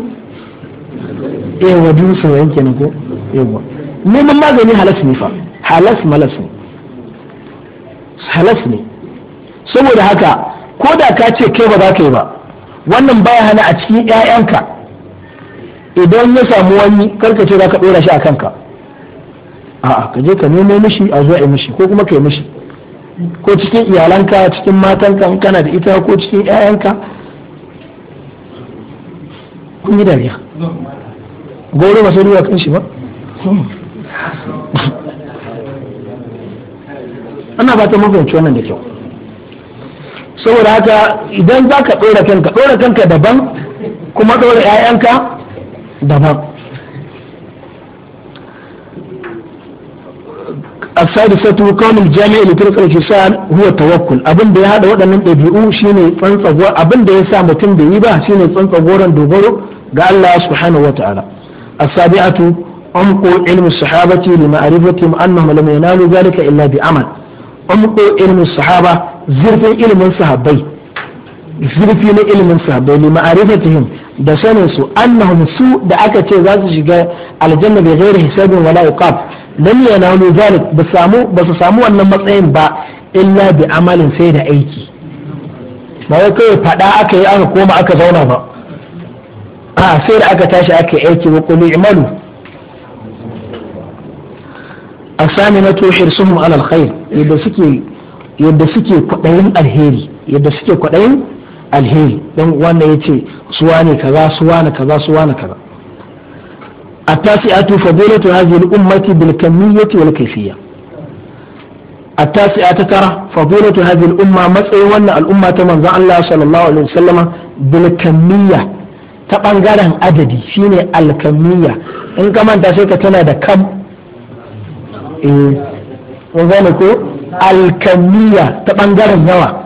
yawa so yanke kenan ko yawa neman magani halas ne fa halas malas ne halas ne saboda haka ko da ka ce kai ba za ka yi ba wannan baya hana a cikin 'ya'yanka idan ya samu wani karka ce za ka ɗora shi a kanka a'a ka je ka nemo mishi a zuwa mishi ko kuma ka yi mishi ko cikin iyalanka cikin matanka in kana da ita ko cikin 'ya'yanka kun yi dariya goro ba sai ruwa kan shi ba ana ba ta mafi wannan da kyau saboda haka idan za ka ɗora kanka ɗora kanka daban kuma ɗora 'ya'yanka daban السادسة كون الجامع لطرق الانفصال هو التوكل abin da ya hada waɗannan ɗabi'u shine tsantsago abin da ya sa mutum bai yi ba shine tsantsagoran dogaro ga Allah subhanahu wataala as-sabi'atu umqu ilmi sahabati li ma'rifatihim annahum lam yanalu dhalika illa bi amal umqu ilmi sahaba zirfin ilmin sahabbai zurfi na ilimin sahabbai ne ma'arifatihim da sanin su annahum su da aka ce za su shiga aljanna bai ghairi hisabin wala iqab lam yanalu zalik ba samu ba su samu wannan matsayin ba illa bi amalin sai da aiki ba wai kawai fada aka yi aka koma aka zauna ba a sai da aka tashi aka yi aiki wa qul i'malu asaminatu hirsuhum ala alkhair yadda suke yadda suke kwaɗayin alheri yadda suke kwaɗayin alheri dan wannan ya ce suwa ne kaza suwa ne kaza suwa ne kaza a tasi ta hajji al'ummati bilkanni ya ce wani kaifiyya a tasi ta tara fadola ta hajji al'umma matsayin wannan al'umma ta manzo Allah sallallahu alaihi wasallam bilkanniya ta bangaren adadi shine alkamiyya in ka manta sai ka tana da kam eh ta bangaren yawa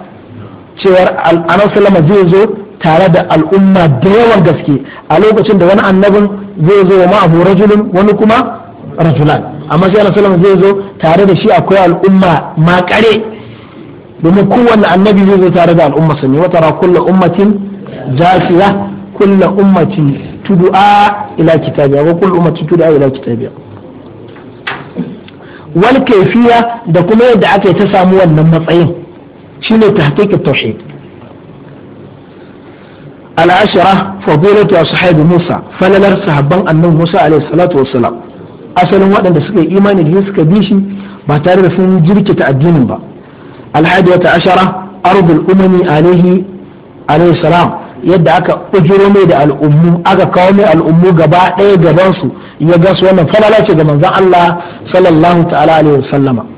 cewar annabi sallama zai zo tare da al'umma da yawan gaske a lokacin da wani annabin zai zo wa ma'abu rajulun wani kuma rajulan amma sai annabi sallama zai zo tare da shi akwai al'umma makare domin kowanne annabi zai zo tare da al'umma sa ne wata kullu ummatin jafiya kullu ummatin tudu'a ila kitabiya wa kullu ummatin tudu'a ila kitabiya wal kaifiya da kuma yadda aka yi ta samu wannan matsayin shine tahqiqut tauhid al'ashara fadilatu ashabi Musa falalar sahabban annabi Musa alaihi asalin waɗanda suka yi imani da suka bi shi ba tare da sun jirkita addinin ba alhadiyata ashara ardul umami alaihi alaihi salam yadda aka ujiro mai da al'ummu aka kawo mai al'ummu gaba ɗaya su ya ga su wannan falala ce ga manzon Allah sallallahu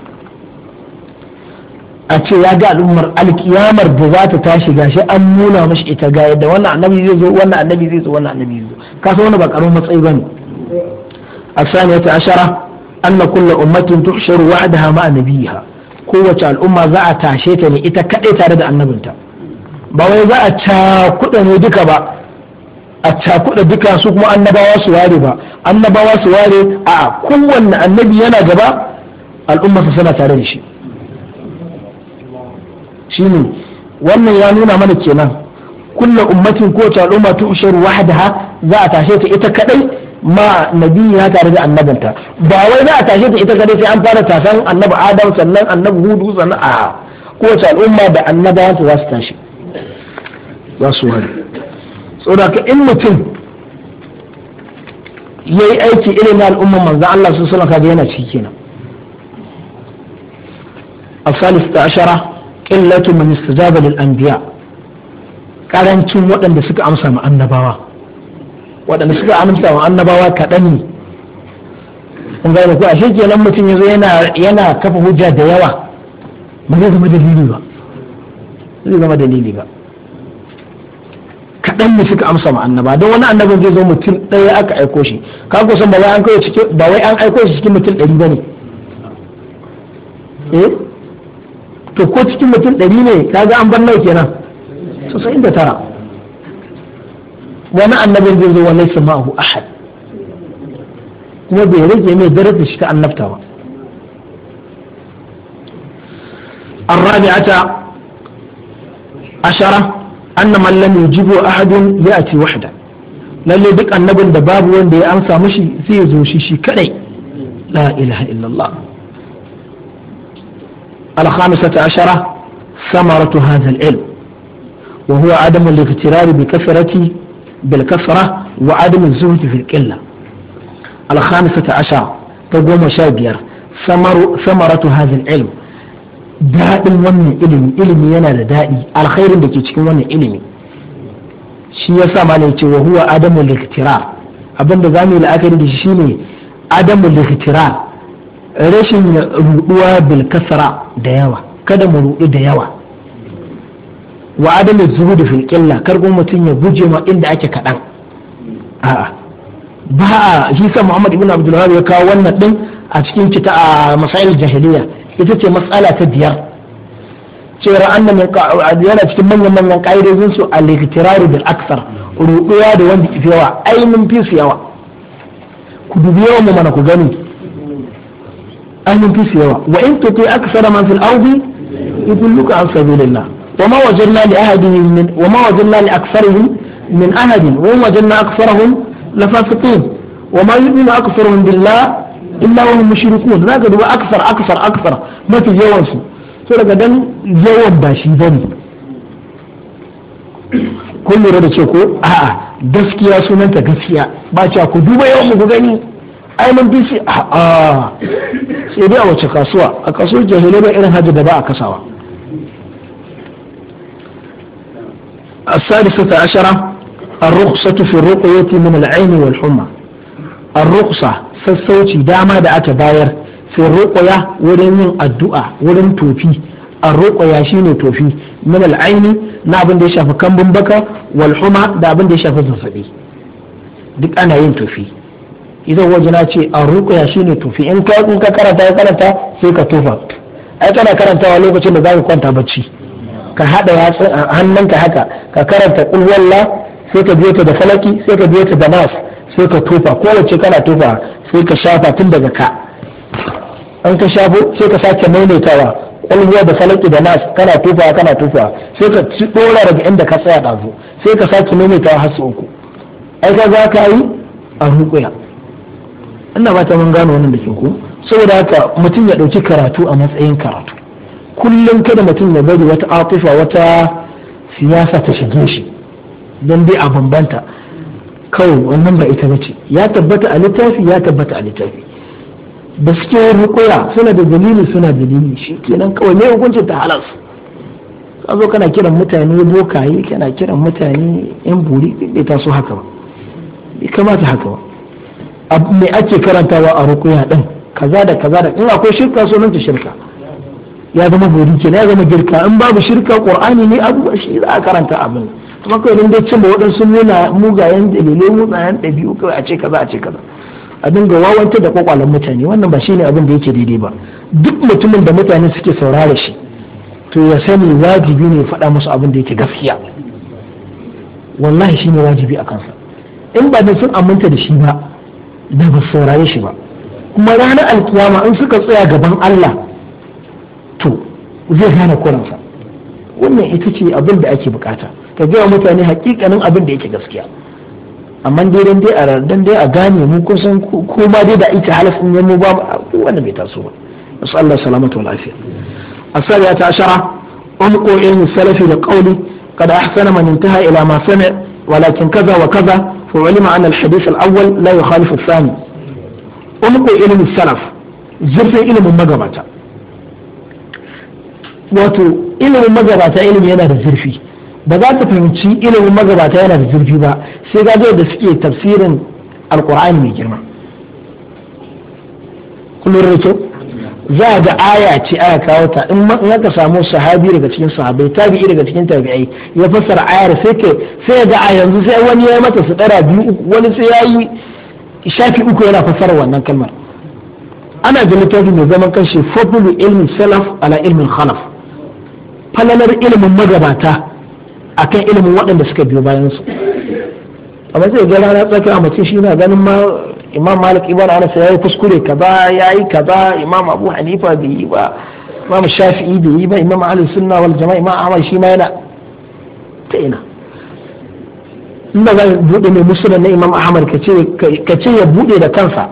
a ce ya ga al'ummar alkiyamar da za ta tashi gashi an nuna mashi ita ga yadda wannan annabi zai zo wannan annabi zai zo wannan annabi zai zo ka san wannan ba karamin matsayi bane asaniyata ashara anna kullu ummatin tuhsharu wahdaha ma'a nabiha kowace al'umma za a tashe ta ne ita kadai tare da annabinta ba wai za a cakuɗa ne duka ba a cakuɗa duka su kuma annabawa su ware ba annabawa su ware a kowanne annabi yana gaba al'ummarsa suna tare da shi shine wannan ya nuna mana kenan kulla ummatin ko ta al'umma tu ushar wahdaha za a tashe ta ita kadai ma nabiya tare da annabinta ba wai za a tashe ta ita kadai sai an fara tasan annabi adam sannan annabi hudu sannan a kowace al'umma da annabawansu za su tashi za su hari saboda in mutum ya yi aiki irin na al'umman manzan Allah su suna kaga yana ciki kenan a salista ashara qillatu man istajaba lil anbiya karancin waɗanda suka amsa ma annabawa waɗanda suka amsa ma annabawa kaɗan ne kun ga ko ashe kenan mutum yazo yana yana kafa hujja da yawa ba zai zama dalili ba zai zama dalili ba kaɗan ne suka amsa ma annaba don wani annaba zai zo mutum ɗaya aka aiko shi ka san ba wai an aiko shi cikin mutum ɗari ba ne eh to ko cikin mutum ɗari ne kaga an bar nawa kenan sosai da tara wani annabin zai zo wani sama'ahu ahad kuma bai rage mai darajar shi ta annabta ba الرابعة عشرة أن من لم يجبه أحد يأتي wahda. lalle duk annabin da babu wanda ya amsa mashi zai zo shi shi kadai la ilaha illallah الخامسة عشرة ثمرة هذا العلم وهو عدم الاغترار بكثرة بالكثرة وعدم الزهد في القلة الخامسة عشرة تقوم شابير ثمر ثمرة هذا العلم daɗin wannan ilimi ilimi yana da daɗi alkhairin da ke cikin wannan ilimi shi ya sa malai ce wa huwa adamu liktirar abinda za mu yi la'akari da shi ne adamu liktirar rashin ruduwa bil kasra da yawa kada mu rudu da yawa wa adamu zuhudu fil qilla kar mutum ya guje ma inda ake kaɗan. a'a ba a hisa muhammad ibn abdul ya kawo wannan din a cikin kita a masail jahiliya ita ce matsala ta biyar cewa annan yana cikin manyan manyan ka'idojin su al-iktiraru bil aksar ruduwa da wanda ke yawa ai mun fi su yawa ku dubi yawan mu mana ku gani an yi fi yawa wa in tuti aksara man fil ardi yudilluka an sabilillah wa ma wajadna li ahadihim min wa ma wajadna li aksarihim min ahadin wa wajadna aksarahum lafasiqin wa ma yu'minu aksaruhum billah illa wa hum mushrikun zaka duba aksar aksar aksar mafi yawan su so daga dan yawan ba shi bane kun lura da ce ko a'a gaskiya sunanta gaskiya ba cha ku duba yawan mu gani ai mun bi shi a sai dai a wace kasuwa a kasuwar jahilai ba irin hajji da ba a kasawa السادسة عشرة الرخصة في الرقية من العين والحمى الرخصة sassauci dama da aka bayar fi ruqya wurin yin addu'a wurin tofi a ruqya shine tofi min al'aini na abin da ya shafi kambun baka wal huma da abin da ya shafi zazzabi duk ana yin tofi idan waje na ce rukuya shi ne tufi in ka in ka karanta ya karanta sai ka tufa ai kana karantawa lokacin da zaka kwanta bacci ka hada yatsun hannunka haka ka karanta kul wallah sai ka biyo ta da falaki sai ka biyo ta da nas sai ka tufa wace kana tufa sai ka shafa tun daga ka an ka shafo sai ka sake maimaitawa kulwa da falaki da nas kana tufa kana tufa sai ka ci dora daga inda ka tsaya dazu sai ka sake maimaitawa har uku ai ka za ka yi a rukuya ina ba ta mun gano wannan da ke ko saboda haka mutum ya ɗauki karatu a matsayin karatu kullum kada mutum ya bari wata atifa wata siyasa ta shige shi don dai a bambanta kawai wannan ba ita bace ya tabbata a littafi ya tabbata a littafi da suke yin rukuya suna da dalili suna dalili shi kenan kawai ne hukuncin ta halas ka zo kana kiran mutane bokaye kana kiran mutane yan buri bai taso haka ba bai kamata haka ba me ake karantawa a rukuya din kaza da kaza da in akwai shirka nan ta shirka ya zama bori kenan ya zama girka in babu shirka qur'ani ne abu shi za a karanta abin kuma kai dan dai cin ba waɗansu nuna mugayen dalilai mugayen ɗabi'u kawai a ce kaza a ce kaza a dinga wawanta da kwakwalen mutane wannan ba shine abin da yake daidai ba duk mutumin da mutane suke saurara shi to ya sani wajibi ne faɗa musu abin da yake gaskiya wallahi shine wajibi a kansa in ba da sun aminta da shi ba da ba saurare shi ba kuma ranar alkiyama in suka tsaya gaban Allah to zai gane kuransa wannan ita ce abin da ake bukata ka gaya mutane hakikanin abin da yake gaskiya amma dai dai a dai a gane mu kusan ko ma dai da ita halafin yammu ba wanda bai taso ba masu Allah salamatu wa lafiya sariya ta ashara umqu ilmi salafi da qawli qad ahsana man intaha ila ma sami walakin kaza wa kaza فعلم أن الحديث الأول لا يخالف الثاني ألقوا إلى السلف زرت إلى مجبتا wato ilimin magabata ilimi yana da zurfi ba za ka fahimci ilimin magabata yana da zurfi ba sai ga da suke tafsirin alkur'ani mai girma kullum za a ga aya ce aya kawo ta in ma samu sahabi daga cikin sahabai tabi'i daga cikin tabi'ai ya fassara ayar sai ke sai ga a yanzu sai wani ya mata su dara biyu wani sai ya yi shafi uku yana fassara wannan kalmar ana da littafi mai zaman kanshi fadlu ilmi salaf ala ilmin khalaf falalar ilimin magabata akan ilimin waɗanda suka biyo bayan su amma sai ga rana tsakiya mutum shi na ganin ma imam malik ibn anas ya yi kuskure kaza ya yi kaza imam abu hanifa bai yi ba imam shafi'i bai yi ba imam ahli sunna wal jama'a imam ahmad shi ma yana ta ina in ba za bude mai musulun na imam ahmad ka ce ya bude da kansa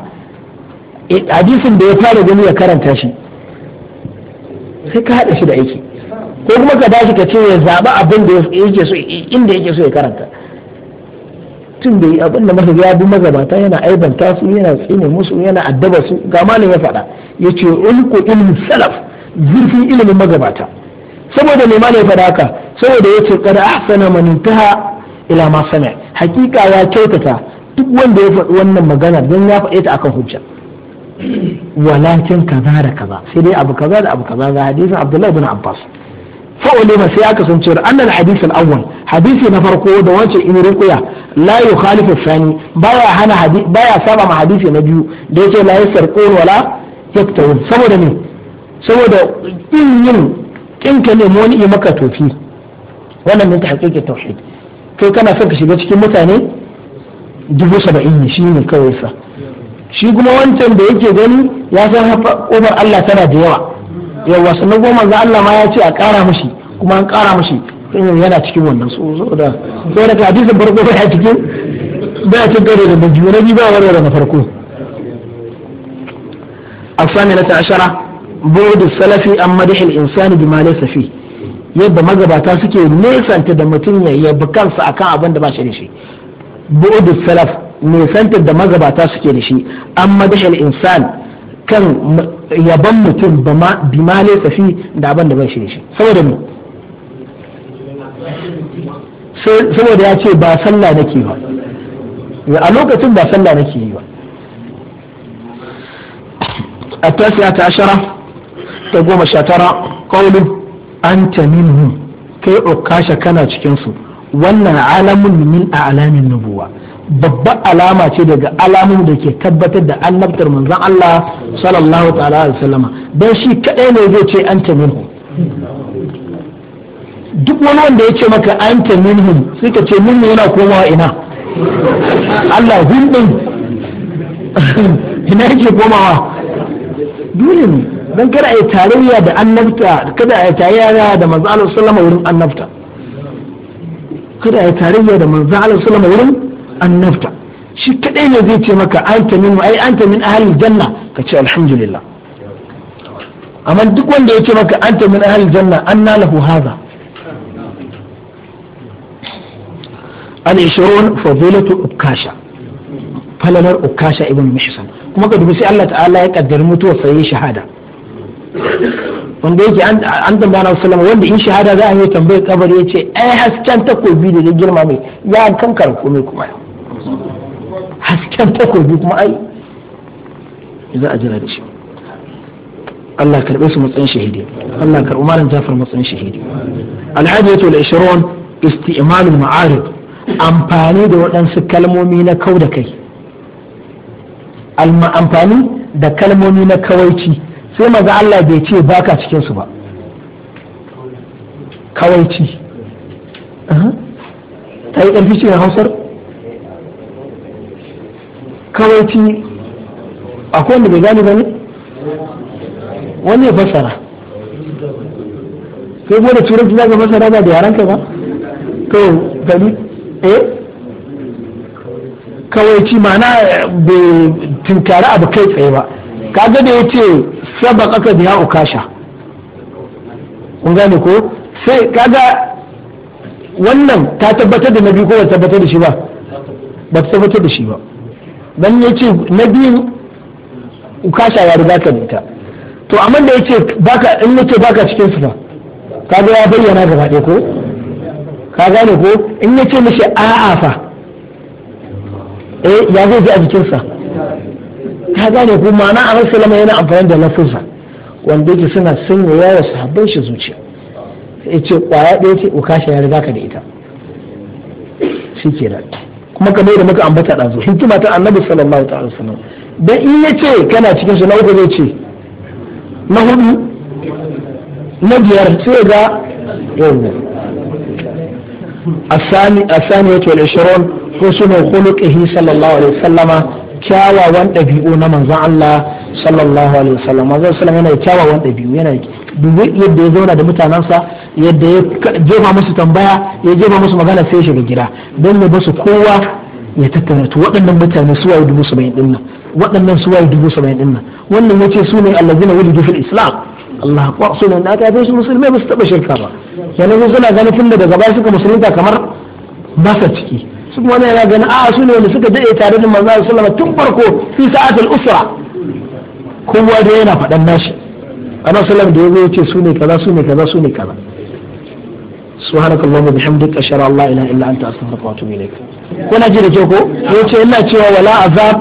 eh, hadisin da ya fara gani ya karanta shi sai ka haɗa shi da aiki ko kuma ka dashi ka ce ya zaɓi abin da yake so inda yake so ya karanta tun yi abin da masa ya bi magabata yana aibanta su yana tsine musu yana addaba su ga malam ya faɗa ya ce ulku ilmin salaf zurfin ilimin magabata saboda ne malam ya faɗa haka saboda ya ce kada ahsana man intaha ila ma sami hakika ya kyautata duk wanda ya faɗi wannan magana don ya faɗe ta akan hujja walakin kaza da kaza sai dai abu kaza da abu kaza ga hadisin abdullahi bin abbas fa'ulima sai aka san cewa annal hadith awwal hadisi na farko da wancan in ruqya la yukhalifu sani baya hana hadisi baya saba ma hadisi na biyu da yake la yasarqun wala yaktawun saboda ne saboda in yin kin ka nemo wani yi maka tofi wannan ne ta hakiki tauhid kai kana son ka shiga cikin mutane dubu saba'in shi ne kawai sa shi kuma wancan da yake gani ya san kofar Allah tana da yawa yawa sannan goma za Allah ma ya ce a ƙara mashi kuma an ƙara mashi irin eh, yana cikin wannan saboda saboda ka hadisin farko ya cikin da ya cikin da biyu na biyu ba da na farko الثامنة عشرة بعد salafi an مدح insani بما ليس safi yadda magabata suke nesanta da mutum ya yabi kansa akan abin da ba shi da shi bu'udu salaf nesanta da magabata suke da shi an madahal insan kan yaban mutum bima laysa safi da abin da ba shi da shi saboda mu saboda ya ce ba sallah nake ba a lokacin ba sallah nake yi ba التاسعة عشرة تقوم الشاترة قول أنت منهم kai okasha kana cikinsu wannan alamun min a alamin nubuwa babbar alama ce daga alamun da ke tabbatar da annabtar manzon Allah sallallahu ta'ala wasallama don shi kadai ne zai ce anta duk wani wanda ya ce maka anta minhum sai ka ce minhum yana komawa ina Allah hum din ina yake komawa dole ne dan kada ai tarayya da annabta kada ai tarayya da manzo Allah sallama wurin annabta kada ai tarayya da manzo Allah sallama wurin annabta shi kadai ne zai ce maka anta minhum ai anta min ahli janna ka ce alhamdulillah amma duk wanda ya ce maka anta min ahli janna anna lahu hadha an ishirun fadilatu ukasha falalar ukasha ibn mihsan kuma ka dubi sai Allah ta'ala ya kaddar mutuwar sai shahada wanda yake an tambaya na sallama wanda in shahada za a yi tambayar kabari yace, ce ai eh, hasken takobi da ya girma mai ya kankara komai kuma hasken takobi kuma ai za a jira da shi Allah karɓe su matsayin shahidi Allah karɓi malam Jafar matsayin shahidi alhajiyatu al-20 isti'malul ma'arif amfani da waɗansu kalmomi na kau da kai amfani da kalmomi na kawaici sai maza Allah bai ce baka cikinsu ba kawaici ta yi ƙarfi ce hausar kawaici akwai wanda bai gani ba wani fasara fassara sai gode turanci za ka fasara ba da ka ba to gani eh kawai ci ma'ana eh, bai tunkari abu kai tsaye ba kaga da ya ce saba kaka biya ukasha kun gane ko sai kaga wannan ta tabbatar da nabi ko ba tabbatar da shi ba ba ta tabbatar da shi ba dan ya ce nabi ukasha ya riga ka dinta to amma da ya ce baka in ce baka cikin su ba kaga ya bayyana gaba ɗaya ko ka gane ko in ya ce mishi a'a fa eh ya zai ji a jikinsa ka gane ko ma'ana a rasu lama yana amfani da lafuzza wanda yake suna yi yawa sahabban shi zuciya sai ce kwaya ɗaya ce uka shi ya riga ka da ita shi ke da kuma kamar yadda muka ambata ɗazu hikima ta annabi sallallahu ta'ala sallam dan in ya ce kana cikin su na uku zai ce na hudu na biyar sai ga yau الثاني الثانية والعشرون حسن خلقه صلى الله عليه وسلم kyawawan ɗabi'u na manzon Allah sallallahu alaihi wasallam manzon sallallahu yana kyawawan ɗabi'u yana dubi yadda ya zauna da mutanensa yadda ya jefa musu tambaya ya jefa musu magana sai ya gida don ya basu kowa ya tattauna to waɗannan mutane su dubu saba'in ɗin waɗannan su dubu saba'in ɗin wannan ya ce su ne allazina wujudu fil islam Allah akbar sunan da aka yi musulmai ba su taba shirka ba kenan su suna ganin tunda daga baya suka musulunta kamar ba sa ciki su kuma wani yana ganin a su ne wanda suka daɗe tare da manzo sallallahu alaihi tun farko fi sa'atul usra kowa da yana faɗan nashi annabi sallallahu da yazo yace su ne kaza su ne kaza su ne kaza subhanakallahumma bihamdika ashhadu an la ilaha illa anta astaghfiruka wa atubu ilaik kuna ji da ke ko yace ina cewa wala azab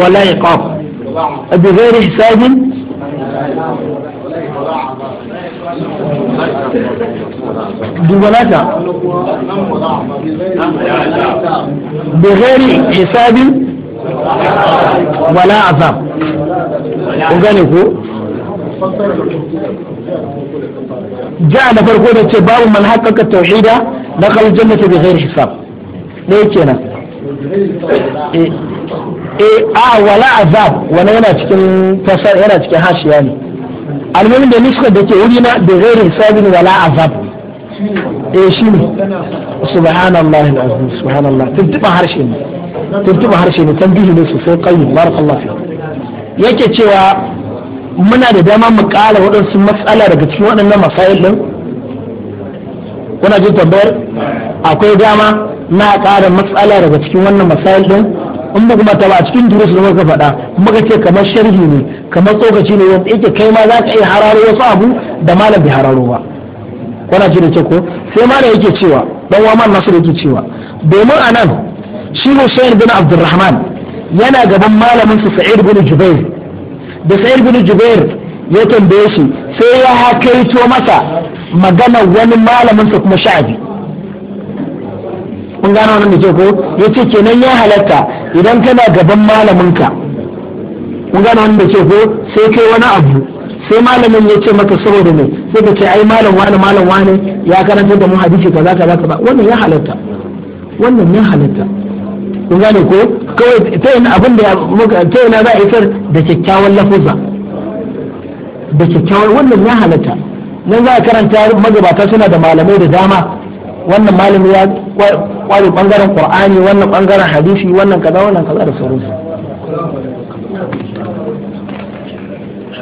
wala iqab hisabin dubalata bi ghairi hisabi wala azab ko gane ko ja da farko da ce babu man haqqaqa tauhida da kal jannata bi ghairi hisab ne kenan eh, eh a wala azab wannan yana cikin fasar yana cikin hashiya ne Almomin da nuskar da ke wuri na da gairin sabin wala azab E shi ne subhanallah alazim subhanallah tuntuba harshe ne tuntuba harshe ne tambihi ne sosai qayyim barakallahu fi yake cewa muna da dama mu kala waɗansu matsala daga cikin waɗannan masail din kuna jin tambayar akwai dama na ƙara matsala daga cikin wannan masail din in ba kuma ta ba cikin durusu da muka faɗa muka ce kamar sharhi ne kamar tsokaci ne wanda yake kai ma za ka iya hararo wasu abu da malam bai hararo ba Kuna ji da ce ko sai da yake cewa dan wa man nasir yake cewa domin anan shi Hussein bin Abdurrahman yana gaban malamin sa Sa'id bin Jubair da Sa'id bin Jubair ya tambaye shi sai ya hakaito masa magana wani malamin sa kuma sha'abi kun gano wannan da ke ko ya ce kenan ya halatta idan kana gaban malaminka kun gano wannan da ke ko sai kai wani abu sai malamin ya ce maka saboda ne sai ka ce ai malam wani malam wani ya karanta da mu hadisi kaza kaza kaza wannan ya halatta wannan ya halatta kun gane ko kawai ta yana abin da muka ta yana za a isar da kyakkyawan lafuza da kyakkyawan wannan ya halatta nan za a karanta magabata suna da malamai da dama wannan malami ya kware bangaren qur'ani wannan bangaren hadisi wannan kaza wannan kaza da sauransu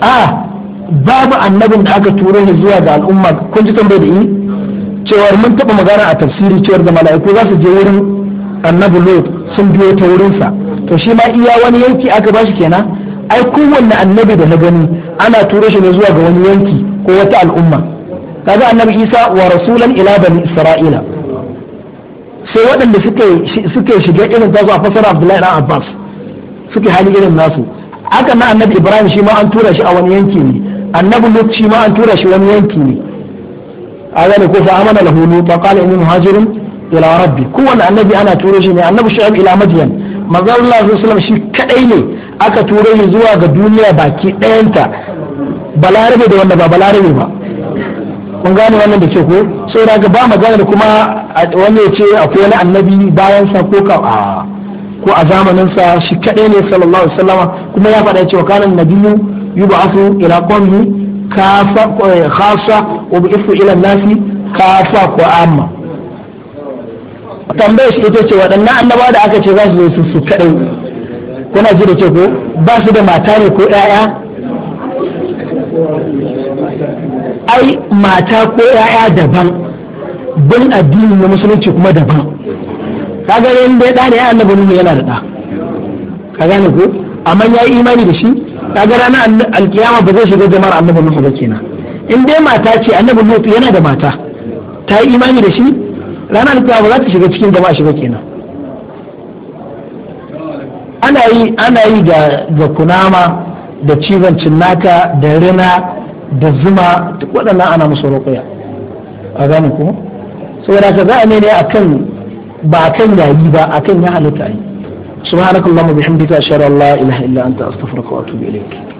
a babu annabin da aka turo shi zuwa ga al'umma kun ji tambayar da yi cewar mun taba magana a tafsiri cewar da mala'iku za su je wurin annabi lot sun biyo ta wurinsa to shi ma iya wani yanki aka bashi kenan ai kowanne annabi da na gani ana turo shi ne zuwa ga wani yanki ko wata al'umma kaga annabi isa wa rasulan ila bani isra'ila sai waɗanda suke shiga irin tasu a fasara abdullahi dan abbas suke hali irin nasu haka na annabi ibrahim shi ma an tura shi a wani yanki ne annabi lut shi ma an tura shi wani yanki ne Aya ne ko fa amana lahu lut wa qala inni muhajirun ila rabbi kowanne annabi ana tura shi ne annabi shu'aib ila madyan manzo Allah sallallahu alaihi shi kadai ne aka tura shi zuwa ga duniya baki ɗayanta balarabe da wanda ba balarabe ba mun gane wannan da ce ko sai daga ba da kuma wanda ya ce akwai wani annabi bayan sa ko ka ko a zamanin sa shi kadai ne sallallahu alaihi wasallam kuma ya faɗa cewa kana nabiyyu yub'athu ila qawmi kafa eh, khassa wa bi'thu ila nasi kafa ko amma tambaye shi ita ce waɗannan annaba da aka ce za su zo su kadai kuna ji da ce ko ba su da mata ne ko 'ya'ya ai mata ko yaya daban bin addini na musulunci kuma daban kaga yin dai da ne annabi nuhu yana da da ka gane ko amma yayi imani da shi kaga ranar alkiyama ba zai shiga jama'ar annabi nuhu ba kenan in dai mata ce annabi nuhu yana da mata ta yi imani da shi ranar alkiyama ba za ta shiga cikin jama'a shiga kenan ana yi ana yi da kunama da cizon cinnaka da rina da zuma duk waɗannan ana musu ruqya a gane kuma saboda ka za a ne akan ba akan yayi ba akan ya halitta yi subhanakallahumma bihamdika ashhadu an la ilaha illa anta astaghfiruka wa atubu ilayk